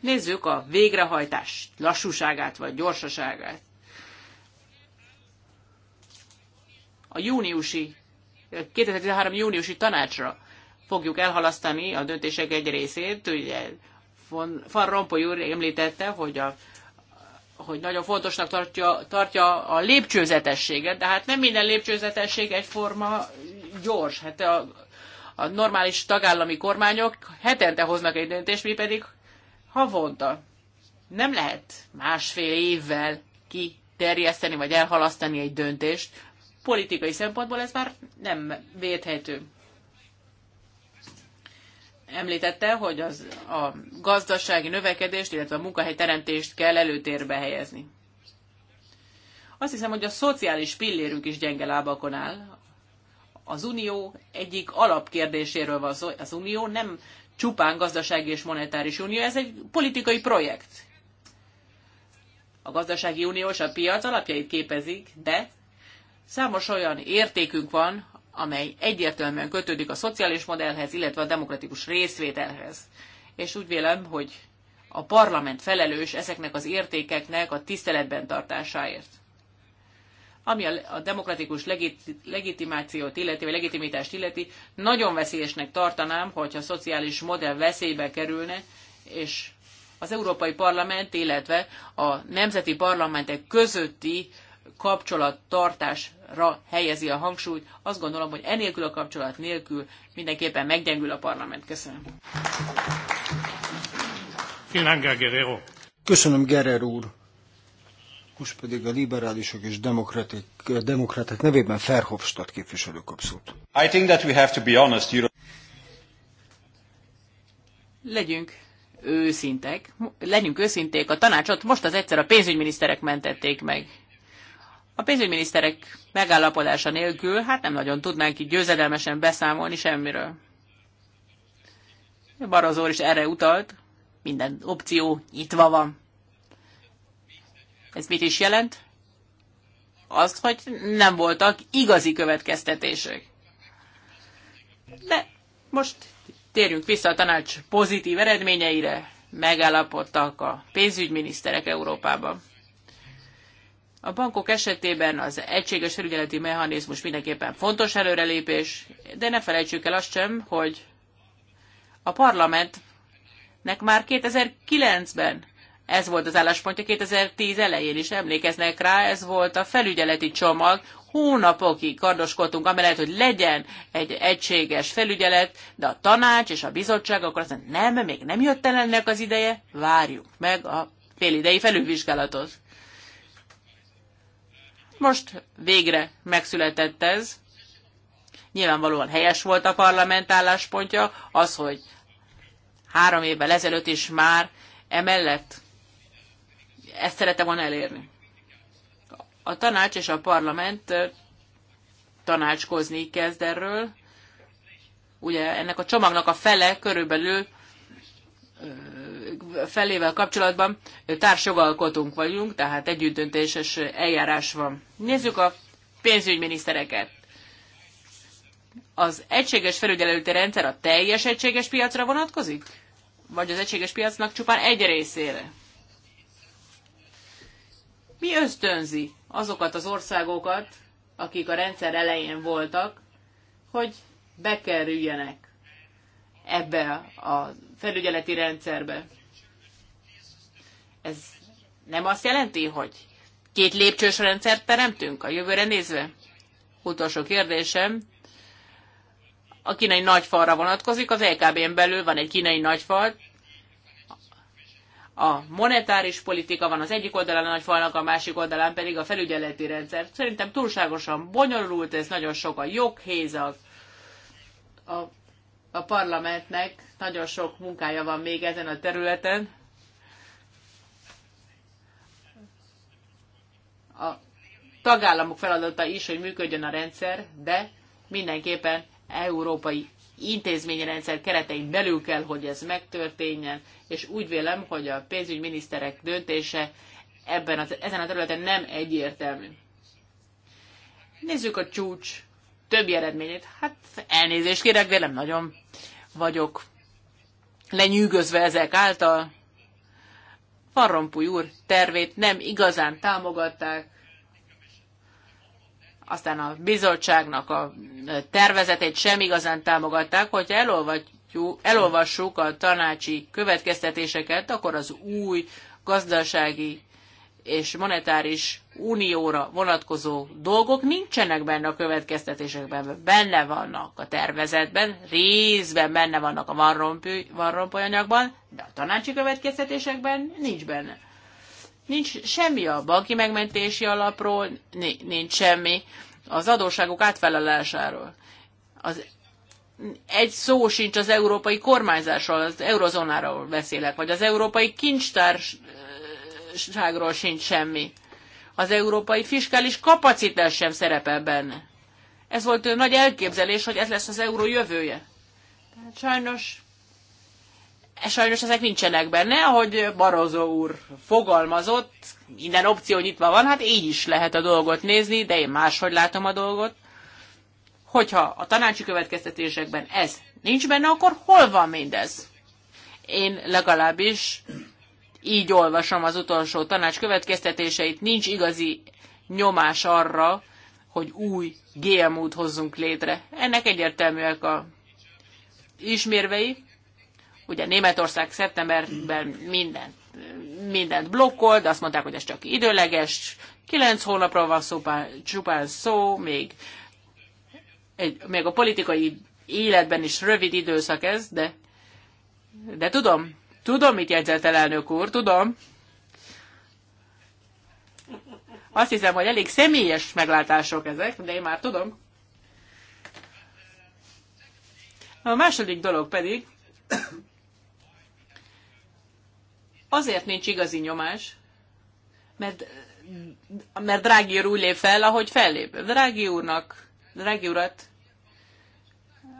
Nézzük a végrehajtás lassúságát vagy gyorsaságát. A júniusi, eh, 2013 júniusi tanácsra fogjuk elhalasztani a döntések egy részét. Ugye Van Rompuy úr említette, hogy a hogy nagyon fontosnak tartja, tartja a lépcsőzetességet, de hát nem minden lépcsőzetesség egyforma gyors. Hát a, a normális tagállami kormányok hetente hoznak egy döntést, mi pedig havonta. Nem lehet másfél évvel kiterjeszteni vagy elhalasztani egy döntést. Politikai szempontból ez már nem védhető említette, hogy az, a gazdasági növekedést, illetve a munkahelyteremtést kell előtérbe helyezni. Azt hiszem, hogy a szociális pillérünk is gyenge lábakon áll. Az unió egyik alapkérdéséről van szó. Az unió nem csupán gazdasági és monetáris unió, ez egy politikai projekt. A gazdasági unió és a piac alapjait képezik, de számos olyan értékünk van, amely egyértelműen kötődik a szociális modellhez, illetve a demokratikus részvételhez. És úgy vélem, hogy a parlament felelős ezeknek az értékeknek a tiszteletben tartásáért. Ami a, demokratikus legit- legitimációt illeti, vagy legitimitást illeti, nagyon veszélyesnek tartanám, hogyha a szociális modell veszélybe kerülne, és az Európai Parlament, illetve a nemzeti parlamentek közötti kapcsolattartásra helyezi a hangsúlyt. Azt gondolom, hogy enélkül a kapcsolat nélkül mindenképpen meggyengül a parlament. Köszönöm. Köszönöm, Gerer úr. Most pedig a liberálisok és demokratik, demokraták nevében Ferhofstadt képviselő kap I think that we have to be honest, Euro- Legyünk őszintek, legyünk őszinték, a tanácsot most az egyszer a pénzügyminiszterek mentették meg. A pénzügyminiszterek megállapodása nélkül hát nem nagyon tudnánk így győzedelmesen beszámolni semmiről. Barazor is erre utalt, minden opció nyitva van. Ez mit is jelent? Azt, hogy nem voltak igazi következtetések. De most térjünk vissza a tanács pozitív eredményeire. Megállapodtak a pénzügyminiszterek Európában. A bankok esetében az egységes felügyeleti mechanizmus mindenképpen fontos előrelépés, de ne felejtsük el azt sem, hogy a parlamentnek már 2009-ben ez volt az álláspontja, 2010 elején is emlékeznek rá, ez volt a felügyeleti csomag, hónapokig kardoskodtunk, amellett, hogy legyen egy egységes felügyelet, de a tanács és a bizottság akkor azt mondja, nem, még nem jött el ennek az ideje, várjuk meg a félidei felülvizsgálatot. Most végre megszületett ez. Nyilvánvalóan helyes volt a parlament álláspontja, az, hogy három évvel ezelőtt is már emellett ezt szerette volna elérni. A tanács és a parlament tanácskozni kezd erről. Ugye ennek a csomagnak a fele körülbelül felével kapcsolatban társjogalkotunk vagyunk, tehát együttdöntéses eljárás van. Nézzük a pénzügyminisztereket. Az egységes felügyelőti rendszer a teljes egységes piacra vonatkozik? Vagy az egységes piacnak csupán egy részére? Mi ösztönzi azokat az országokat, akik a rendszer elején voltak, hogy bekerüljenek ebbe a felügyeleti rendszerbe. Ez nem azt jelenti, hogy két lépcsős rendszert teremtünk a jövőre nézve? Utolsó kérdésem. A kínai nagyfalra vonatkozik, az LKB-n belül van egy kínai nagyfal, a monetáris politika van az egyik oldalán a nagyfalnak, a másik oldalán pedig a felügyeleti rendszer. Szerintem túlságosan bonyolult, ez nagyon sok a joghézag. A, a parlamentnek nagyon sok munkája van még ezen a területen. a tagállamok feladata is, hogy működjön a rendszer, de mindenképpen európai intézményrendszer keretein belül kell, hogy ez megtörténjen, és úgy vélem, hogy a pénzügyminiszterek döntése ebben az, ezen a területen nem egyértelmű. Nézzük a csúcs többi eredményét. Hát elnézést kérek, de nem nagyon vagyok lenyűgözve ezek által. Farrompuy úr tervét nem igazán támogatták, aztán a bizottságnak a tervezetét sem igazán támogatták, hogyha elolvassuk a tanácsi következtetéseket, akkor az új gazdasági és monetáris unióra vonatkozó dolgok nincsenek benne a következtetésekben, benne vannak a tervezetben, részben benne vannak a Van Rompuy anyagban, de a tanácsi következtetésekben nincs benne. Nincs semmi a banki megmentési alapról, nincs semmi az adósságok átfelelásáról. Az egy szó sincs az európai kormányzásról, az eurozónáról beszélek, vagy az európai kincstár rugalmasságról sincs semmi. Az európai fiskális kapacitás sem szerepel benne. Ez volt ő nagy elképzelés, hogy ez lesz az euró jövője. Tehát sajnos, e sajnos ezek nincsenek benne, ahogy Barozó úr fogalmazott, minden opció nyitva van, hát így is lehet a dolgot nézni, de én máshogy látom a dolgot. Hogyha a tanácsi következtetésekben ez nincs benne, akkor hol van mindez? Én legalábbis így olvasom az utolsó tanács következtetéseit, nincs igazi nyomás arra, hogy új GMO-t hozzunk létre. Ennek egyértelműek a ismérvei. Ugye Németország szeptemberben mindent, mindent blokkolt, azt mondták, hogy ez csak időleges, kilenc hónapra van szó, csupán szó, még, egy, még a politikai életben is rövid időszak ez, de, de tudom, Tudom, mit jegyzett el elnök úr, tudom. Azt hiszem, hogy elég személyes meglátások ezek, de én már tudom. A második dolog pedig, azért nincs igazi nyomás, mert, mert Drági úr úgy lép fel, ahogy fellép. Drági úrnak, Drági urat,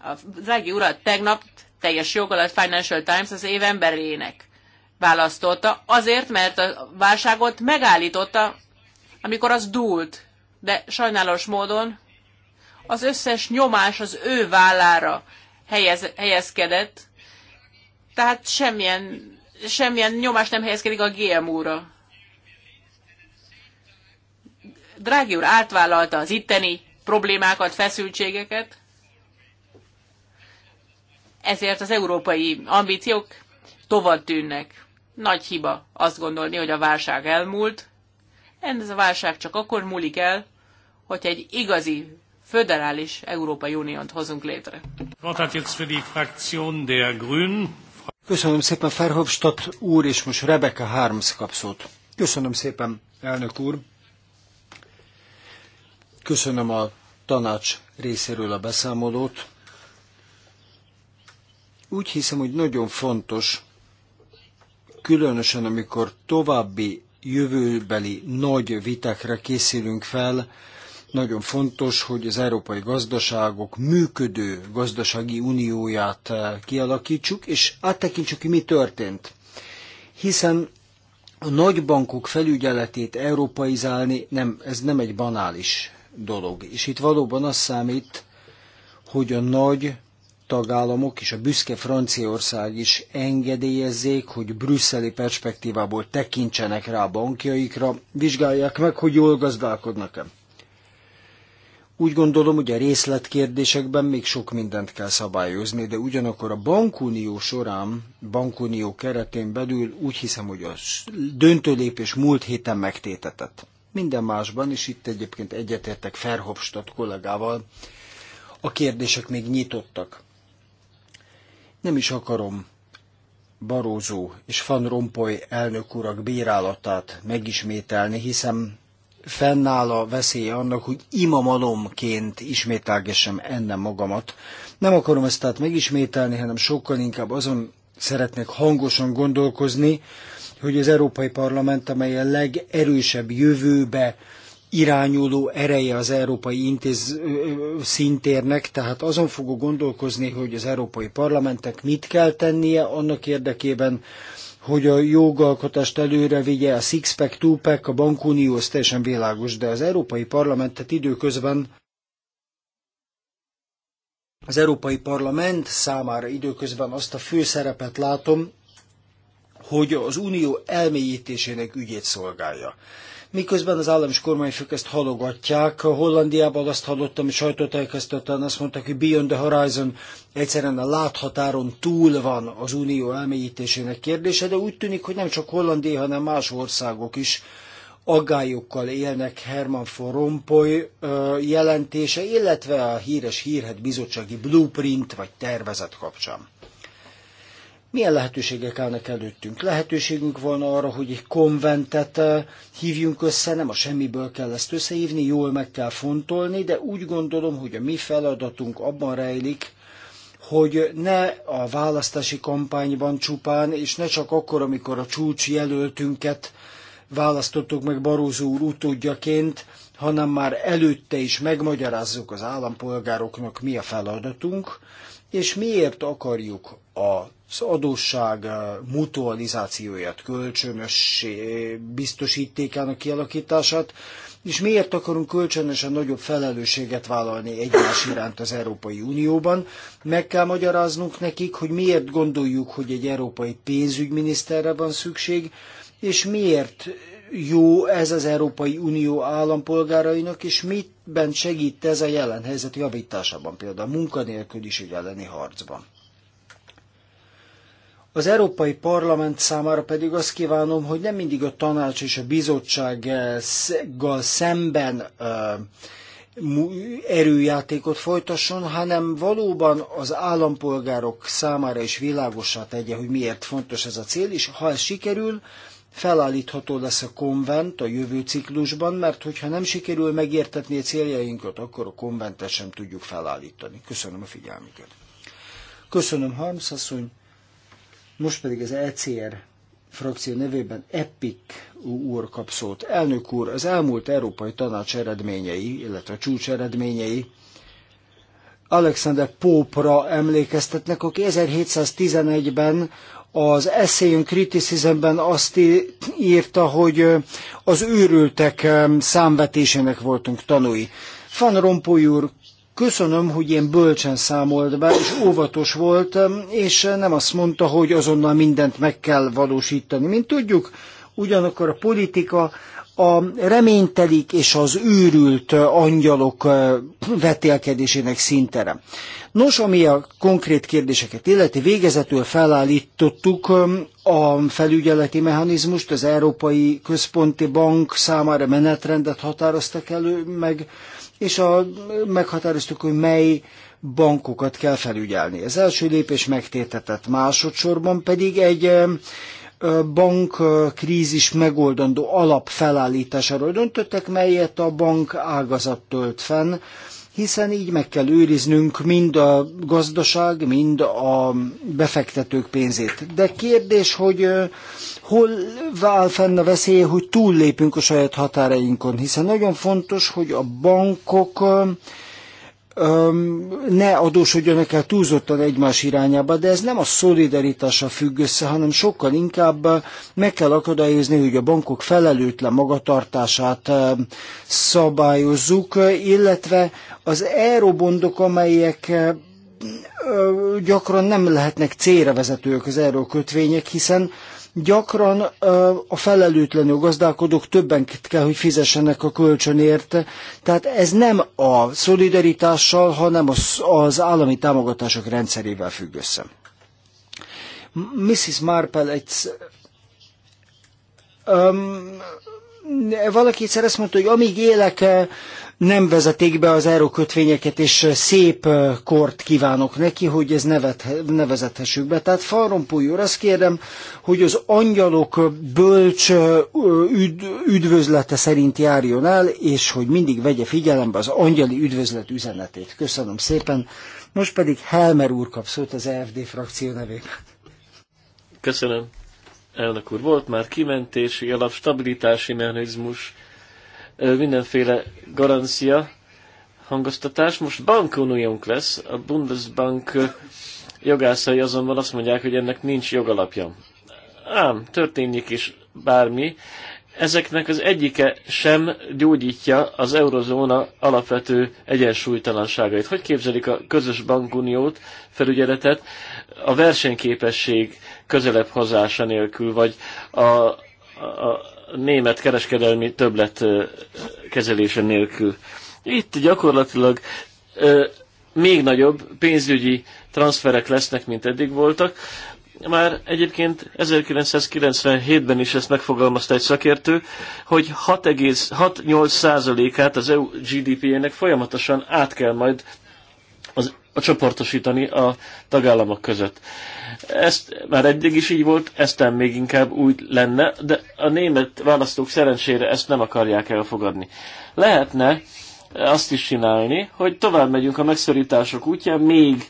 a Drági urat tegnap teljes jog alatt Financial Times az év emberének választotta, azért, mert a válságot megállította, amikor az dúlt. De sajnálos módon az összes nyomás az ő vállára helyez, helyezkedett, tehát semmilyen, semmilyen nyomás nem helyezkedik a GMO-ra. Drági úr átvállalta az itteni problémákat, feszültségeket, ezért az európai ambíciók tovább tűnnek. Nagy hiba azt gondolni, hogy a válság elmúlt. Ez a válság csak akkor múlik el, hogy egy igazi föderális Európai Uniót hozunk létre. Köszönöm szépen, Ferhofstadt úr, és most Rebecca Harms kap szót. Köszönöm szépen, elnök úr. Köszönöm a tanács részéről a beszámolót. Úgy hiszem, hogy nagyon fontos, különösen amikor további jövőbeli nagy vitákra készülünk fel, nagyon fontos, hogy az európai gazdaságok működő gazdasági unióját eh, kialakítsuk, és áttekintsük, hogy mi történt. Hiszen a nagybankok felügyeletét európaizálni, nem, ez nem egy banális dolog. És itt valóban az számít, hogy a nagy tagállamok és a büszke Franciaország is engedélyezzék, hogy brüsszeli perspektívából tekintsenek rá a bankjaikra, vizsgálják meg, hogy jól gazdálkodnak-e. Úgy gondolom, hogy a részletkérdésekben még sok mindent kell szabályozni, de ugyanakkor a bankunió során, bankunió keretén belül úgy hiszem, hogy a döntő lépés múlt héten megtétetett. Minden másban, is itt egyébként egyetértek Ferhofstadt kollégával, a kérdések még nyitottak. Nem is akarom Barózó és Van Rompuy elnök urak bírálatát megismételni, hiszen fennáll a veszélye annak, hogy imamalomként ismételgessem ennem magamat. Nem akarom ezt tehát megismételni, hanem sokkal inkább azon szeretnék hangosan gondolkozni, hogy az Európai Parlament, amely a legerősebb jövőbe irányuló ereje az európai intéz szintérnek, tehát azon fogok gondolkozni, hogy az európai parlamentnek mit kell tennie annak érdekében, hogy a jogalkotást előre vigye, a six-pack, two-pack, a bankunió, az teljesen világos, de az Európai Parlamentet időközben az Európai Parlament számára időközben azt a fő szerepet látom, hogy az unió elmélyítésének ügyét szolgálja miközben az állam és kormányfők ezt halogatják. A Hollandiában azt hallottam, hogy sajtótájékoztatóan azt mondták, hogy Beyond the Horizon egyszerűen a láthatáron túl van az unió elmélyítésének kérdése, de úgy tűnik, hogy nem csak Hollandia, hanem más országok is aggályokkal élnek Herman von Rompuy jelentése, illetve a híres hírhet bizottsági blueprint vagy tervezet kapcsán. Milyen lehetőségek állnak előttünk? Lehetőségünk van arra, hogy egy konventet eh, hívjunk össze, nem a semmiből kell ezt összehívni, jól meg kell fontolni, de úgy gondolom, hogy a mi feladatunk abban rejlik, hogy ne a választási kampányban csupán, és ne csak akkor, amikor a csúcs jelöltünket választottuk meg Barózó úr utódjaként, hanem már előtte is megmagyarázzuk az állampolgároknak, mi a feladatunk, és miért akarjuk a az adósság eh, mutualizációját, kölcsönös biztosítékának kialakítását, és miért akarunk kölcsönösen nagyobb felelősséget vállalni egymás iránt az Európai Unióban? Meg kell magyaráznunk nekik, hogy miért gondoljuk, hogy egy európai pénzügyminiszterre van szükség, és miért jó ez az Európai Unió állampolgárainak, és mitben segít ez a jelen helyzet javításában, például a munkanélküliség elleni harcban. Az Európai Parlament számára pedig azt kívánom, hogy nem mindig a tanács és a bizottsággal eh, szemben eh, erőjátékot folytasson, hanem valóban az állampolgárok számára is világosá tegye, hogy miért fontos ez a cél, és ha ez sikerül, felállítható lesz a konvent a jövő ciklusban, mert hogyha nem sikerül megértetni a céljainkat, akkor a konventet sem tudjuk felállítani. Köszönöm a figyelmüket. Köszönöm, Harms asszony. Most pedig az ECR frakció nevében Epic úr kap szót. Elnök úr, az elmúlt Európai Tanács eredményei, illetve a csúcs eredményei Alexander Pópra emlékeztetnek, aki 1711-ben az Essayon Criticism-ben azt írta, hogy az őrültek számvetésének voltunk tanúi. Van Rompuy úr Köszönöm, hogy ilyen bölcsen számolt be, és óvatos volt, és nem azt mondta, hogy azonnal mindent meg kell valósítani. Mint tudjuk, ugyanakkor a politika a reménytelik és az őrült eh, angyalok eh, vetélkedésének szintere. Nos, ami a konkrét kérdéseket illeti, végezetül felállítottuk a felügyeleti mechanizmust, az Európai Központi Bank számára menetrendet határoztak elő, meg és a, meghatároztuk, hogy mely bankokat kell felügyelni. Az első lépés megtétetett, másodszorban pedig egy bankkrízis megoldandó alap felállításáról döntöttek, melyet a bank ágazat tölt fenn, hiszen így meg kell őriznünk mind a gazdaság, mind a befektetők pénzét. De kérdés, hogy hol áll fenn a veszélye, hogy túllépünk a saját határainkon, hiszen nagyon fontos, hogy a bankok ne adósodjanak el túlzottan egymás irányába, de ez nem a szolidaritásra függ össze, hanem sokkal inkább meg kell akadályozni, hogy a bankok felelőtlen magatartását szabályozzuk, illetve az eurobondok, amelyek gyakran nem lehetnek célra vezetők az eurókötvények, hiszen Gyakran a felelőtlenül gazdálkodók többen kell, hogy fizessenek a kölcsönért, tehát ez nem a szolidaritással, hanem az állami támogatások rendszerével függ össze. Mrs. Marple egy um, valaki egyszer ezt mondta, hogy amíg élek, nem vezetik be az eurókötvényeket, és szép kort kívánok neki, hogy ez nevet, ne vezethessük be. Tehát Falrompúj úr, azt kérem, hogy az angyalok bölcs üd, üdvözlete szerint járjon el, és hogy mindig vegye figyelembe az angyali üdvözlet üzenetét. Köszönöm szépen. Most pedig Helmer úr kap szót az EFD frakció nevében. Köszönöm. Elnök úr, volt már kimentési alap, stabilitási mechanizmus, mindenféle garancia hangoztatás. Most bankuniónk lesz, a Bundesbank jogászai azonban azt mondják, hogy ennek nincs jogalapja. Ám, történik is bármi. Ezeknek az egyike sem gyógyítja az eurozóna alapvető egyensúlytalanságait. Hogy képzelik a közös bankuniót, felügyeletet a versenyképesség közelebb hozása nélkül, vagy a, a, német kereskedelmi többlet kezelése nélkül. Itt gyakorlatilag még nagyobb pénzügyi transferek lesznek, mint eddig voltak. Már egyébként 1997-ben is ezt megfogalmazta egy szakértő, hogy 6,68%-át az EU gdp ének folyamatosan át kell majd az a csoportosítani a tagállamok között. Ezt már eddig is így volt, eztán még inkább úgy lenne, de a német választók szerencsére ezt nem akarják elfogadni. Lehetne azt is csinálni, hogy tovább megyünk a megszorítások útján, még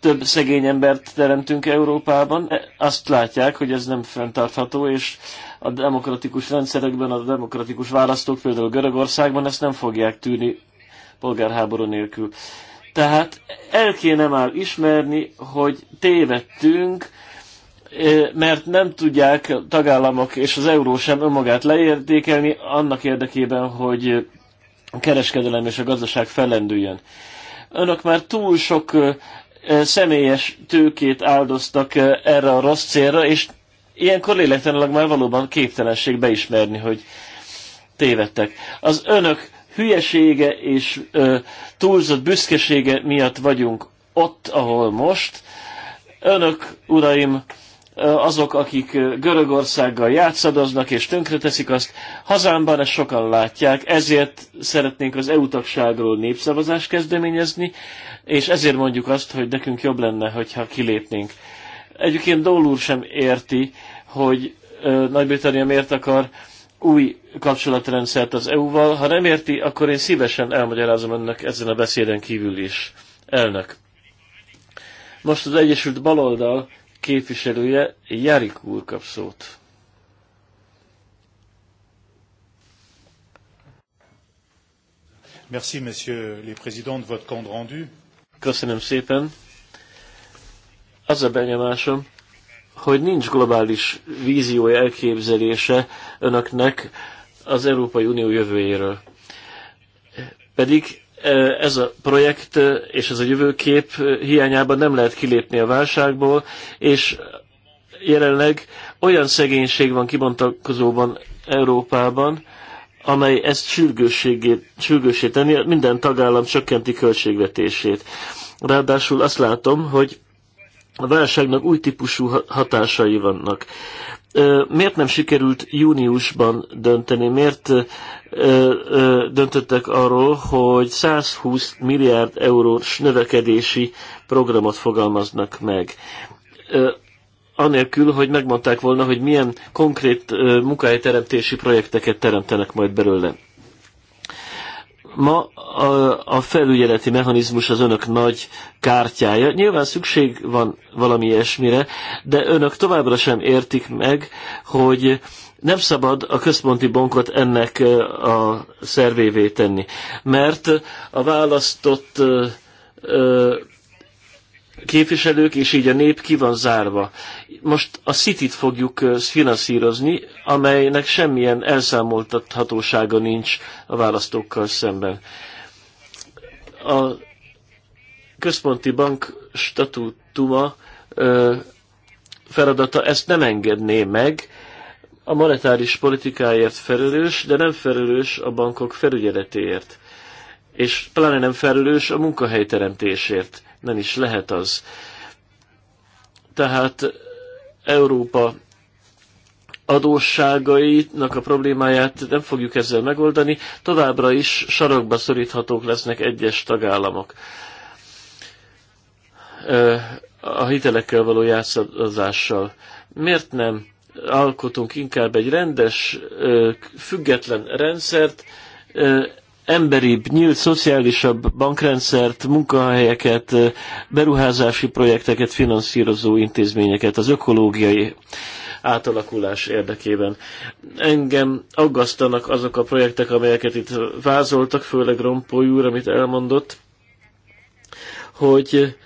több szegény embert teremtünk Európában. Azt látják, hogy ez nem fenntartható, és a demokratikus rendszerekben, a demokratikus választók, például Görögországban ezt nem fogják tűni polgárháború nélkül. Tehát el kéne már ismerni, hogy tévedtünk, eh, mert nem tudják a tagállamok és az euró sem önmagát leértékelni annak érdekében, hogy a kereskedelem és a gazdaság fellendüljön. Önök már túl sok eh, személyes tőkét áldoztak eh, erre a rossz célra, és ilyenkor lélektelenleg már valóban képtelenség beismerni, hogy tévedtek. Az önök hülyesége és ö, túlzott büszkesége miatt vagyunk ott, ahol most. Önök, uraim, azok, akik Görögországgal játszadoznak és tönkreteszik azt, hazámban ezt sokan látják, ezért szeretnénk az EU tagságról népszavazást kezdeményezni, és ezért mondjuk azt, hogy nekünk jobb lenne, hogyha kilépnénk. Egyébként Dól úr sem érti, hogy Nagy-Britannia miért akar új kapcsolatrendszert az EU-val. Ha nem érti, akkor én szívesen elmagyarázom önnek ezen a beszéden kívül is. Elnök. Most az Egyesült Baloldal képviselője Jarik úr kap szót. Merci, monsieur le président, de votre compte rendu. Köszönöm szépen. Az a benyomásom, hogy nincs globális víziója, elképzelése önöknek az Európai Unió jövőjéről. Pedig e, ez a projekt és ez a jövőkép hiányában nem lehet kilépni a válságból, és jelenleg olyan szegénység van kibontakozóban Európában, amely ezt sürgősé tenni, minden tagállam csökkenti költségvetését. Ráadásul azt látom, hogy a válságnak új típusú hatásai vannak. Miért nem sikerült júniusban dönteni? Miért döntöttek arról, hogy 120 milliárd eurós növekedési programot fogalmaznak meg? Anélkül, hogy megmondták volna, hogy milyen konkrét munkahelyteremtési projekteket teremtenek majd belőle. Ma a, a felügyeleti mechanizmus az önök nagy kártyája. Nyilván szükség van valami ilyesmire, de önök továbbra sem értik meg, hogy nem szabad a központi bankot ennek a szervévé tenni. Mert a választott képviselők, és így a nép ki van zárva. Most a City-t fogjuk finanszírozni, amelynek semmilyen elszámoltathatósága nincs a választókkal szemben. A központi bank statútuma feladata ezt nem engedné meg, a monetáris politikáért felelős, de nem felelős a bankok felügyeletéért, és pláne nem felelős a munkahelyteremtésért nem is lehet az. Tehát Európa adósságainak a problémáját nem fogjuk ezzel megoldani, továbbra is sarokba szoríthatók lesznek egyes tagállamok a hitelekkel való játszadozással. Miért nem alkotunk inkább egy rendes, független rendszert, emberibb, nyílt, szociálisabb bankrendszert, munkahelyeket, beruházási projekteket finanszírozó intézményeket az ökológiai átalakulás érdekében. Engem aggasztanak azok a projektek, amelyeket itt vázoltak, főleg Rompoly úr, amit elmondott, hogy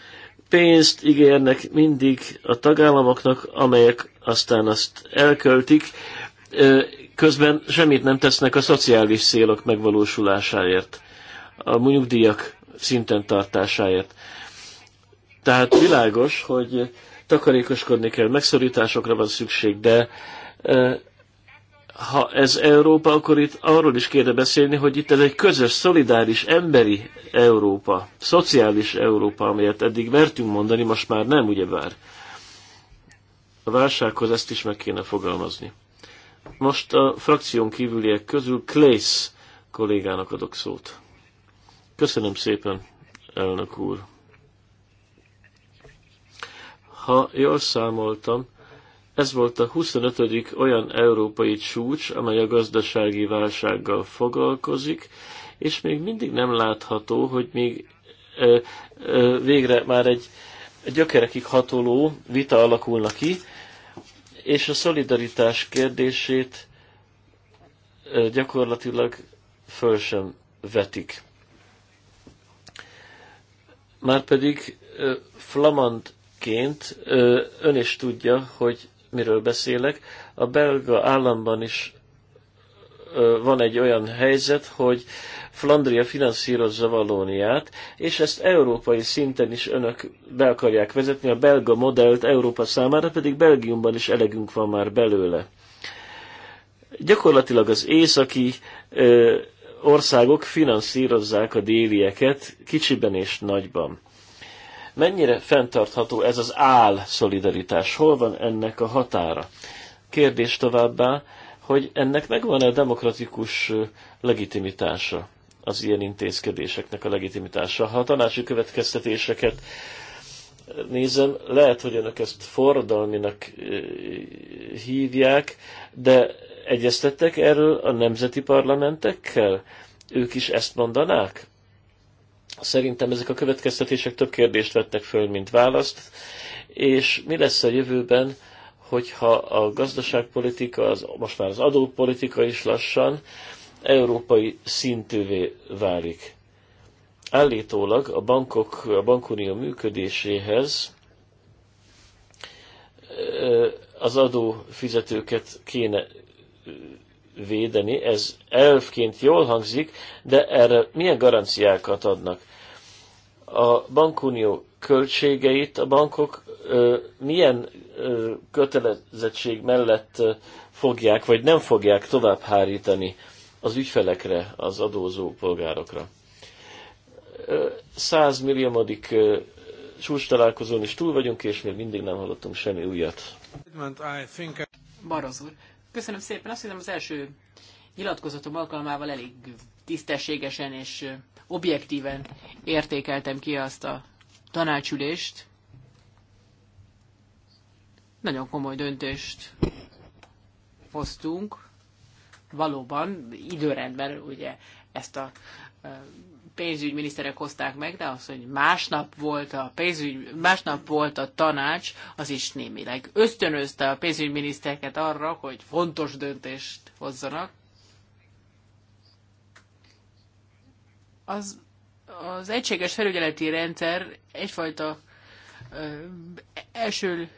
pénzt ígérnek mindig a tagállamoknak, amelyek aztán azt elköltik, közben semmit nem tesznek a szociális célok megvalósulásáért, a munyugdíjak szinten tartásáért. Tehát világos, hogy takarékoskodni kell, megszorításokra van szükség, de e, ha ez Európa, akkor itt arról is kéne beszélni, hogy itt ez egy közös, szolidáris, emberi Európa, szociális Európa, amelyet eddig mertünk mondani, most már nem, ugyebár. A válsághoz ezt is meg kéne fogalmazni. Most a frakción kívüliek közül Klész kollégának adok szót. Köszönöm szépen, elnök úr. Ha jól számoltam, ez volt a 25. olyan európai csúcs, amely a gazdasági válsággal foglalkozik, és még mindig nem látható, hogy még ö, ö, végre már egy gyökerekig hatoló vita alakulna ki és a szolidaritás kérdését gyakorlatilag föl sem vetik. Márpedig flamandként ön is tudja, hogy miről beszélek. A belga államban is van egy olyan helyzet, hogy Flandria finanszírozza Valóniát, és ezt európai szinten is önök be akarják vezetni, a belga modellt Európa számára, pedig Belgiumban is elegünk van már belőle. Gyakorlatilag az északi ö, országok finanszírozzák a délieket kicsiben és nagyban. Mennyire fenntartható ez az áll szolidaritás? Hol van ennek a határa? Kérdés továbbá, hogy ennek megvan-e a demokratikus legitimitása? az ilyen intézkedéseknek a legitimitása. Ha a tanácsi következtetéseket nézem, lehet, hogy önök ezt forradalminak eh, hívják, de egyeztettek erről a nemzeti parlamentekkel? Ők is ezt mondanák? Szerintem ezek a következtetések több kérdést vettek föl, mint választ, és mi lesz a jövőben, hogyha a gazdaságpolitika, az, most már az adópolitika is lassan, európai szintűvé válik. Állítólag a bankok, a bankunió működéséhez az adófizetőket kéne védeni, ez elfként jól hangzik, de erre milyen garanciákat adnak? A bankunió költségeit a bankok milyen kötelezettség mellett fogják, vagy nem fogják tovább hárítani az ügyfelekre, az adózó polgárokra. 100 csúcs találkozón is túl vagyunk, és még mindig nem hallottunk semmi újat. Baroz úr, köszönöm szépen. Azt hiszem az első nyilatkozatom alkalmával elég tisztességesen és objektíven értékeltem ki azt a tanácsülést. Nagyon komoly döntést hoztunk valóban időrendben ugye ezt a pénzügyminiszterek hozták meg, de az, hogy másnap volt a pénzügy, másnap volt a tanács, az is némileg ösztönözte a pénzügyminisztereket arra, hogy fontos döntést hozzanak. Az, az egységes felügyeleti rendszer egyfajta ö, első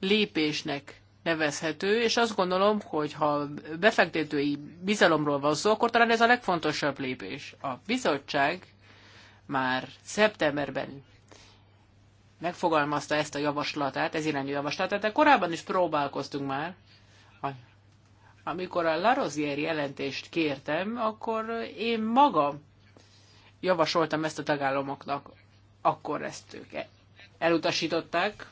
lépésnek nevezhető, és azt gondolom, hogy ha befektetői bizalomról van szó, akkor talán ez a legfontosabb lépés. A bizottság már szeptemberben megfogalmazta ezt a javaslatát, ez irányú javaslatát, de korábban is próbálkoztunk már. Amikor a Larozier jelentést kértem, akkor én magam javasoltam ezt a tagállamoknak. Akkor ezt ők e- elutasították,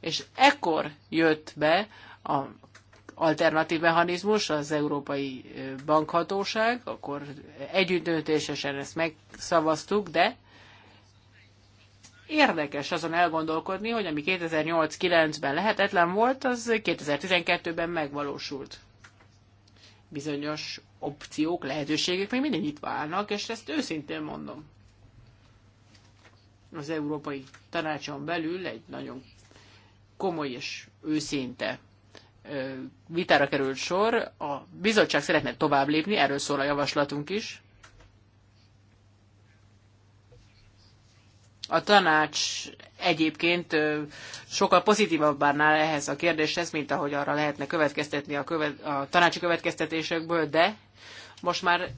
és ekkor jött be a alternatív mechanizmus, az Európai Bankhatóság, akkor együttdöntésesen ezt megszavaztuk, de érdekes azon elgondolkodni, hogy ami 2008-9-ben lehetetlen volt, az 2012-ben megvalósult. Bizonyos opciók, lehetőségek még mindig itt válnak, és ezt őszintén mondom. Az Európai Tanácson belül egy nagyon komoly és őszinte vitára került sor. A bizottság szeretne tovább lépni, erről szól a javaslatunk is. A tanács egyébként sokkal pozitívabb bárnál ehhez a kérdéshez, mint ahogy arra lehetne következtetni a, követ, a tanácsi következtetésekből, de most már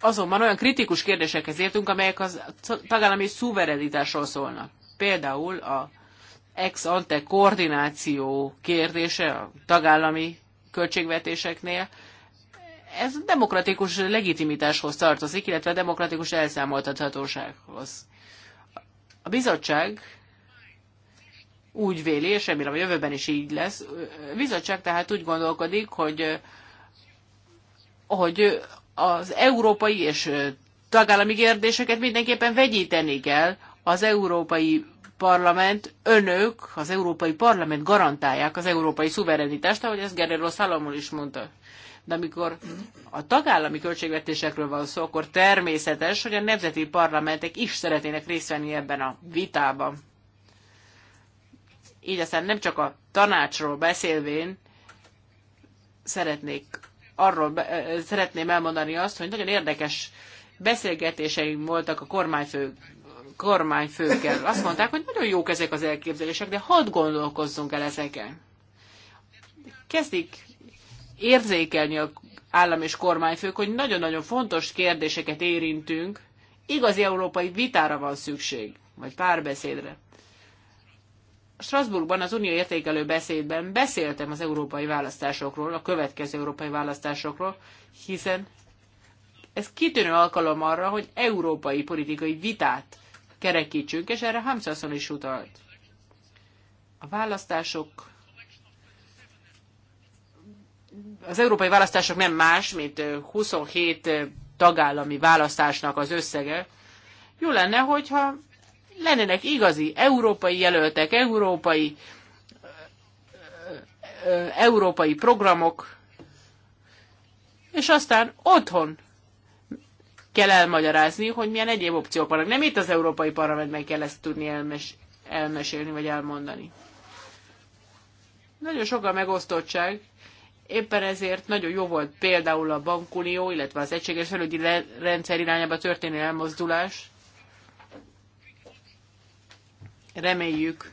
azonban olyan kritikus kérdésekhez értünk, amelyek az tagállami szuverenitásról szólnak. Például a ex ante koordináció kérdése a tagállami költségvetéseknél, ez demokratikus legitimitáshoz tartozik, illetve demokratikus elszámoltathatósághoz. A bizottság úgy véli, és remélem a jövőben is így lesz, a bizottság tehát úgy gondolkodik, hogy, hogy az európai és tagállami kérdéseket mindenképpen vegyíteni kell az európai Parlament, önök, az Európai Parlament garantálják az európai szuverenitást, ahogy ezt Guerrero Salomon is mondta. De amikor a tagállami költségvetésekről van szó, akkor természetes, hogy a nemzeti parlamentek is szeretnének részt venni ebben a vitában. Így aztán nem csak a tanácsról beszélvén szeretnék arról szeretném elmondani azt, hogy nagyon érdekes beszélgetéseim voltak a kormányfő kormányfőkkel. Azt mondták, hogy nagyon jók ezek az elképzelések, de hadd gondolkozzunk el ezeken. Kezdik érzékelni a állam és kormányfők, hogy nagyon-nagyon fontos kérdéseket érintünk, igazi európai vitára van szükség, vagy párbeszédre. Strasbourgban az unió értékelő beszédben beszéltem az európai választásokról, a következő európai választásokról, hiszen ez kitűnő alkalom arra, hogy európai politikai vitát kerekítsünk, és erre Hamsasson is utalt. A választások az európai választások nem más, mint 27 tagállami választásnak az összege. Jó lenne, hogyha lennének igazi európai jelöltek, európai, európai programok, és aztán otthon kell elmagyarázni, hogy milyen egyéb opciók vannak. Nem itt az Európai Parlamentben kell ezt tudni elmes- elmesélni vagy elmondani. Nagyon sok a megosztottság, éppen ezért nagyon jó volt például a bankunió, illetve az egységes felügyi rendszer irányába történő elmozdulás. Reméljük,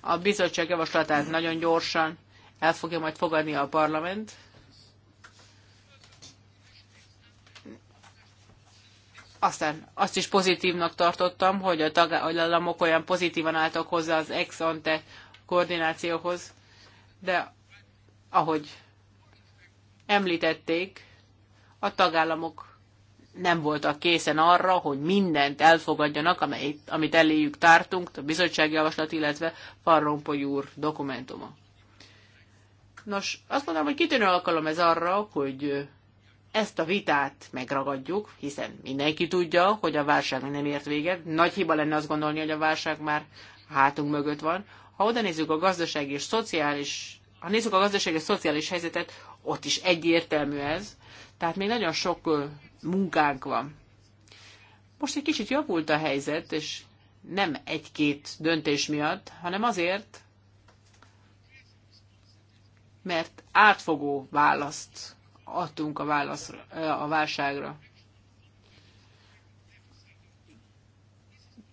a bizottság javaslatát nagyon gyorsan el fogja majd fogadni a parlament. Aztán azt is pozitívnak tartottam, hogy a tagállamok olyan pozitívan álltak hozzá az ex-ante koordinációhoz, de ahogy említették, a tagállamok nem voltak készen arra, hogy mindent elfogadjanak, amelyet, amit eléjük tártunk, a bizottsági javaslat, illetve Farrompoly úr dokumentuma. Nos, azt mondom, hogy kitűnő alkalom ez arra, hogy ezt a vitát megragadjuk, hiszen mindenki tudja, hogy a válság nem ért véget. Nagy hiba lenne azt gondolni, hogy a válság már hátunk mögött van. Ha oda nézzük a gazdasági és szociális, ha nézzük a gazdasági és szociális helyzetet, ott is egyértelmű ez. Tehát még nagyon sok munkánk van. Most egy kicsit javult a helyzet, és nem egy-két döntés miatt, hanem azért, mert átfogó választ adtunk a, válaszra, a válságra.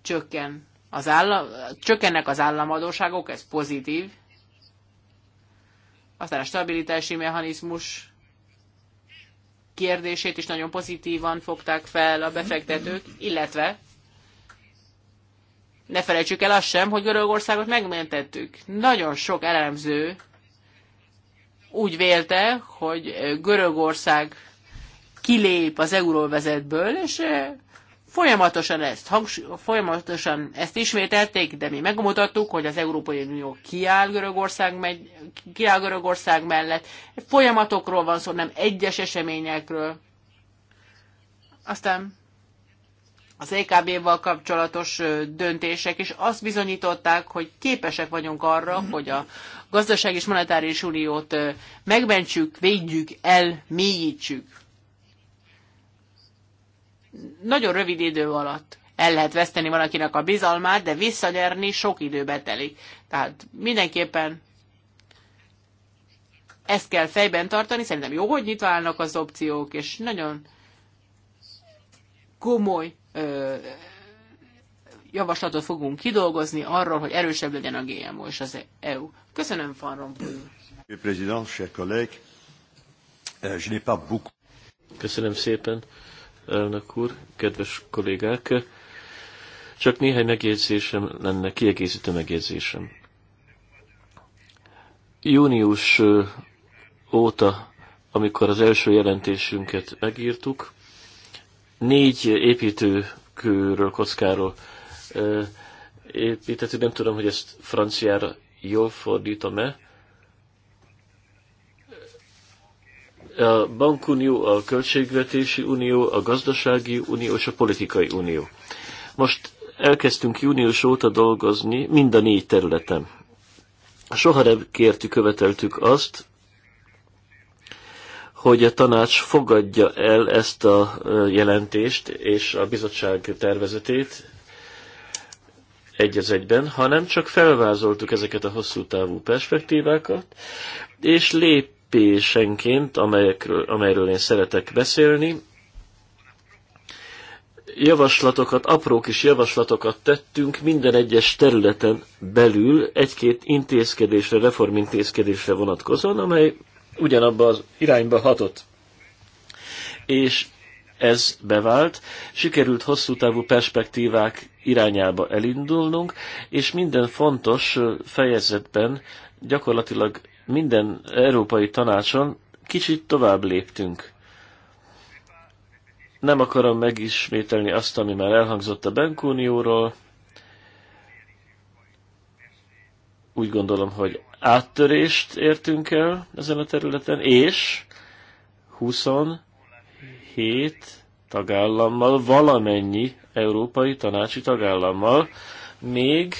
Csökken az állam, csökkennek az államadóságok, ez pozitív. Aztán a stabilitási mechanizmus kérdését is nagyon pozitívan fogták fel a befektetők, illetve ne felejtsük el azt sem, hogy Görögországot megmentettük. Nagyon sok elemző úgy vélte, hogy Görögország kilép az euróvezetből, és eh, folyamatosan ezt, folyamatosan ezt ismételték, de mi megmutattuk, hogy az Európai Unió kiáll Görögország, megy, kiáll Görögország mellett. Folyamatokról van szó, nem egyes eseményekről. Aztán az EKB-val kapcsolatos döntések, is azt bizonyították, hogy képesek vagyunk arra, mhm. hogy a gazdaság és monetáris uniót megmentsük, védjük, elmélyítsük. Nagyon rövid idő alatt el lehet veszteni valakinek a bizalmát, de visszanyerni sok időbe telik. Tehát mindenképpen ezt kell fejben tartani, szerintem jó, hogy nyitva állnak az opciók, és nagyon komoly javaslatot fogunk kidolgozni arról, hogy erősebb legyen a GMO és az EU. Köszönöm, Van Rompuy. Euh, Köszönöm szépen, elnök úr, kedves kollégák. Csak néhány megjegyzésem lenne, kiegészítő megjegyzésem. Június óta, amikor az első jelentésünket megírtuk, négy építőkőről, kockáról építettük. Nem tudom, hogy ezt franciára jól fordítom-e. A bankunió, a költségvetési unió, a gazdasági unió és a politikai unió. Most elkezdtünk június óta dolgozni mind a négy területen. Soha nem kértük, követeltük azt, hogy a tanács fogadja el ezt a jelentést és a bizottság tervezetét, egy az egyben, hanem csak felvázoltuk ezeket a hosszú távú perspektívákat, és lépésenként, amelyekről, amelyről én szeretek beszélni, javaslatokat, apró kis javaslatokat tettünk minden egyes területen belül egy-két intézkedésre, reformintézkedésre vonatkozóan, amely ugyanabba az irányba hatott. És ez bevált, sikerült hosszú távú perspektívák irányába elindulnunk, és minden fontos fejezetben gyakorlatilag minden európai tanácson kicsit tovább léptünk. Nem akarom megismételni azt, ami már elhangzott a Bankunióról. Úgy gondolom, hogy áttörést értünk el ezen a területen, és 20 hét tagállammal, valamennyi európai tanácsi tagállammal, még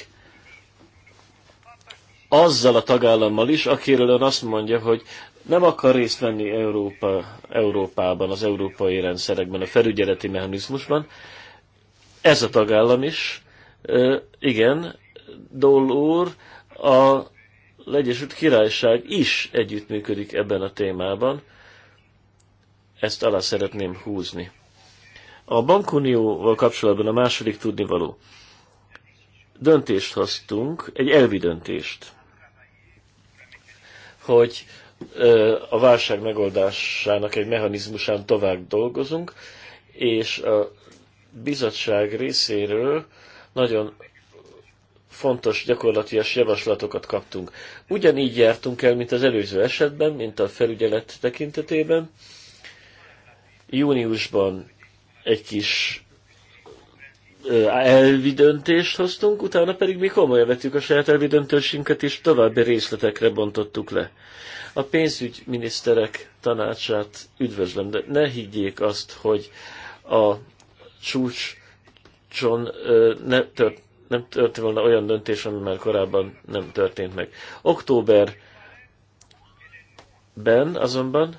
azzal a tagállammal is, akiről ön azt mondja, hogy nem akar részt venni Európa, Európában, az európai rendszerekben, a felügyeleti mechanizmusban. Ez a tagállam is, e, igen, Dole úr, a Egyesült Királyság is együttműködik ebben a témában ezt alá szeretném húzni. A bankunióval kapcsolatban a második tudnivaló. Döntést hoztunk, egy elvi döntést, hogy a válság megoldásának egy mechanizmusán tovább dolgozunk, és a bizottság részéről nagyon fontos gyakorlatias javaslatokat kaptunk. Ugyanígy jártunk el, mint az előző esetben, mint a felügyelet tekintetében, Júniusban egy kis elvi döntést hoztunk, utána pedig mi komolyan vettük a saját elvi döntősünket, és további részletekre bontottuk le. A pénzügyminiszterek tanácsát üdvözlöm, de ne higgyék azt, hogy a csúcson ne tört, nem történt volna olyan döntés, ami már korábban nem történt meg. Októberben azonban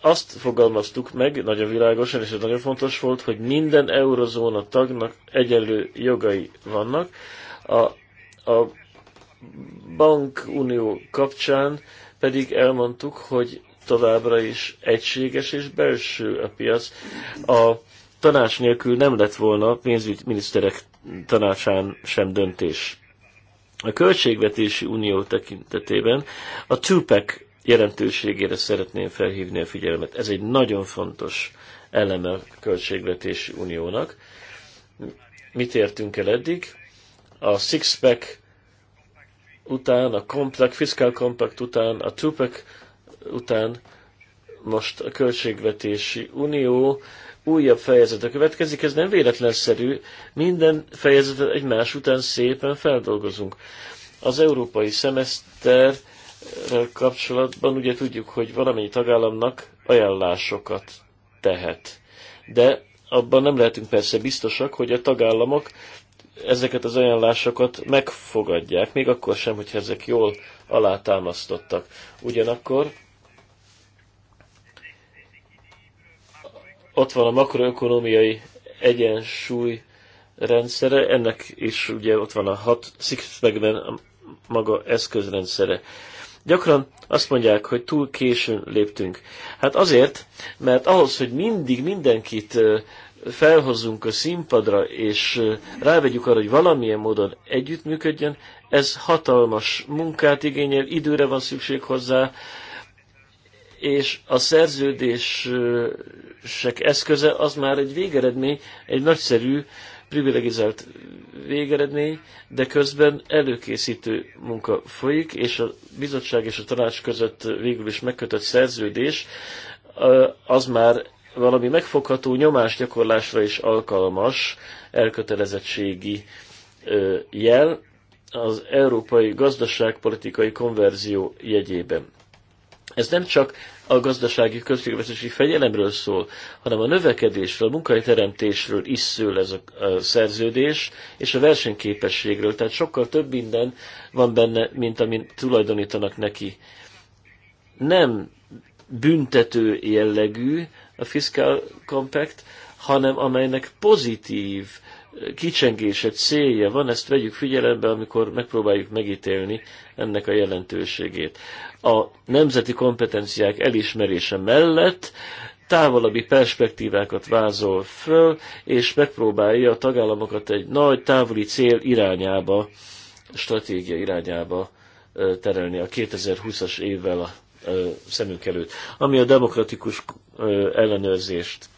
azt fogalmaztuk meg nagyon világosan, és ez nagyon fontos volt, hogy minden eurozóna tagnak egyenlő jogai vannak. A, a bankunió kapcsán pedig elmondtuk, hogy továbbra is egységes és belső a piac. A tanács nélkül nem lett volna pénzügyminiszterek tanácsán sem döntés. A költségvetési unió tekintetében a TUPEC jelentőségére szeretném felhívni a figyelmet. Ez egy nagyon fontos eleme a költségvetési uniónak. Mit értünk el eddig? A six-pack után, a compact, fiscal compact után, a two-pack után most a költségvetési unió újabb fejezete következik, ez nem véletlenszerű, minden fejezetet egymás után szépen feldolgozunk. Az európai szemesztert kapcsolatban ugye tudjuk, hogy valamennyi tagállamnak ajánlásokat tehet. De abban nem lehetünk persze biztosak, hogy a tagállamok ezeket az ajánlásokat megfogadják, még akkor sem, hogyha ezek jól alátámasztottak. Ugyanakkor ott van a makroökonomiai egyensúly rendszere, ennek is ugye ott van a hat six maga eszközrendszere. Gyakran azt mondják, hogy túl későn léptünk. Hát azért, mert ahhoz, hogy mindig mindenkit felhozzunk a színpadra, és rávegyük arra, hogy valamilyen módon együttműködjön, ez hatalmas munkát igényel, időre van szükség hozzá, és a szerződések eszköze az már egy végeredmény, egy nagyszerű privilegizált végeredmény, de közben előkészítő munka folyik, és a bizottság és a tanács között végül is megkötött szerződés az már valami megfogható gyakorlásra is alkalmas elkötelezettségi jel az európai gazdaságpolitikai konverzió jegyében. Ez nem csak a gazdasági költségvetési fegyelemről szól, hanem a növekedésről, a munkahelyteremtésről is szól ez a szerződés, és a versenyképességről. Tehát sokkal több minden van benne, mint amit tulajdonítanak neki. Nem büntető jellegű a Fiscal Compact, hanem amelynek pozitív kicsengése, célja van, ezt vegyük figyelembe, amikor megpróbáljuk megítélni ennek a jelentőségét. A nemzeti kompetenciák elismerése mellett távolabbi perspektívákat vázol föl, és megpróbálja a tagállamokat egy nagy távoli cél irányába, stratégia irányába terelni a 2020-as évvel a szemünk előtt. Ami a demokratikus ellenőrzést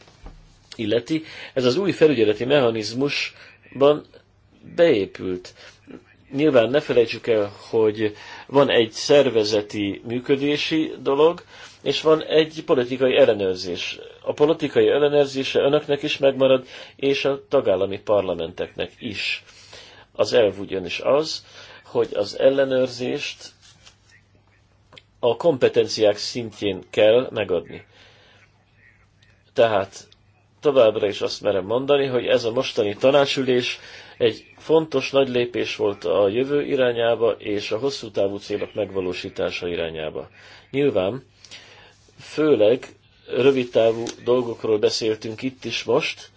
illeti, ez az új felügyeleti mechanizmusban beépült. Nyilván ne felejtsük el, hogy van egy szervezeti működési dolog, és van egy politikai ellenőrzés. A politikai ellenőrzése önöknek is megmarad, és a tagállami parlamenteknek is. Az elv ugyanis az, hogy az ellenőrzést a kompetenciák szintjén kell megadni. Tehát továbbra is azt merem mondani, hogy ez a mostani tanácsülés egy fontos nagy lépés volt a jövő irányába és a hosszú távú célok megvalósítása irányába. Nyilván, főleg rövid távú dolgokról beszéltünk itt is most,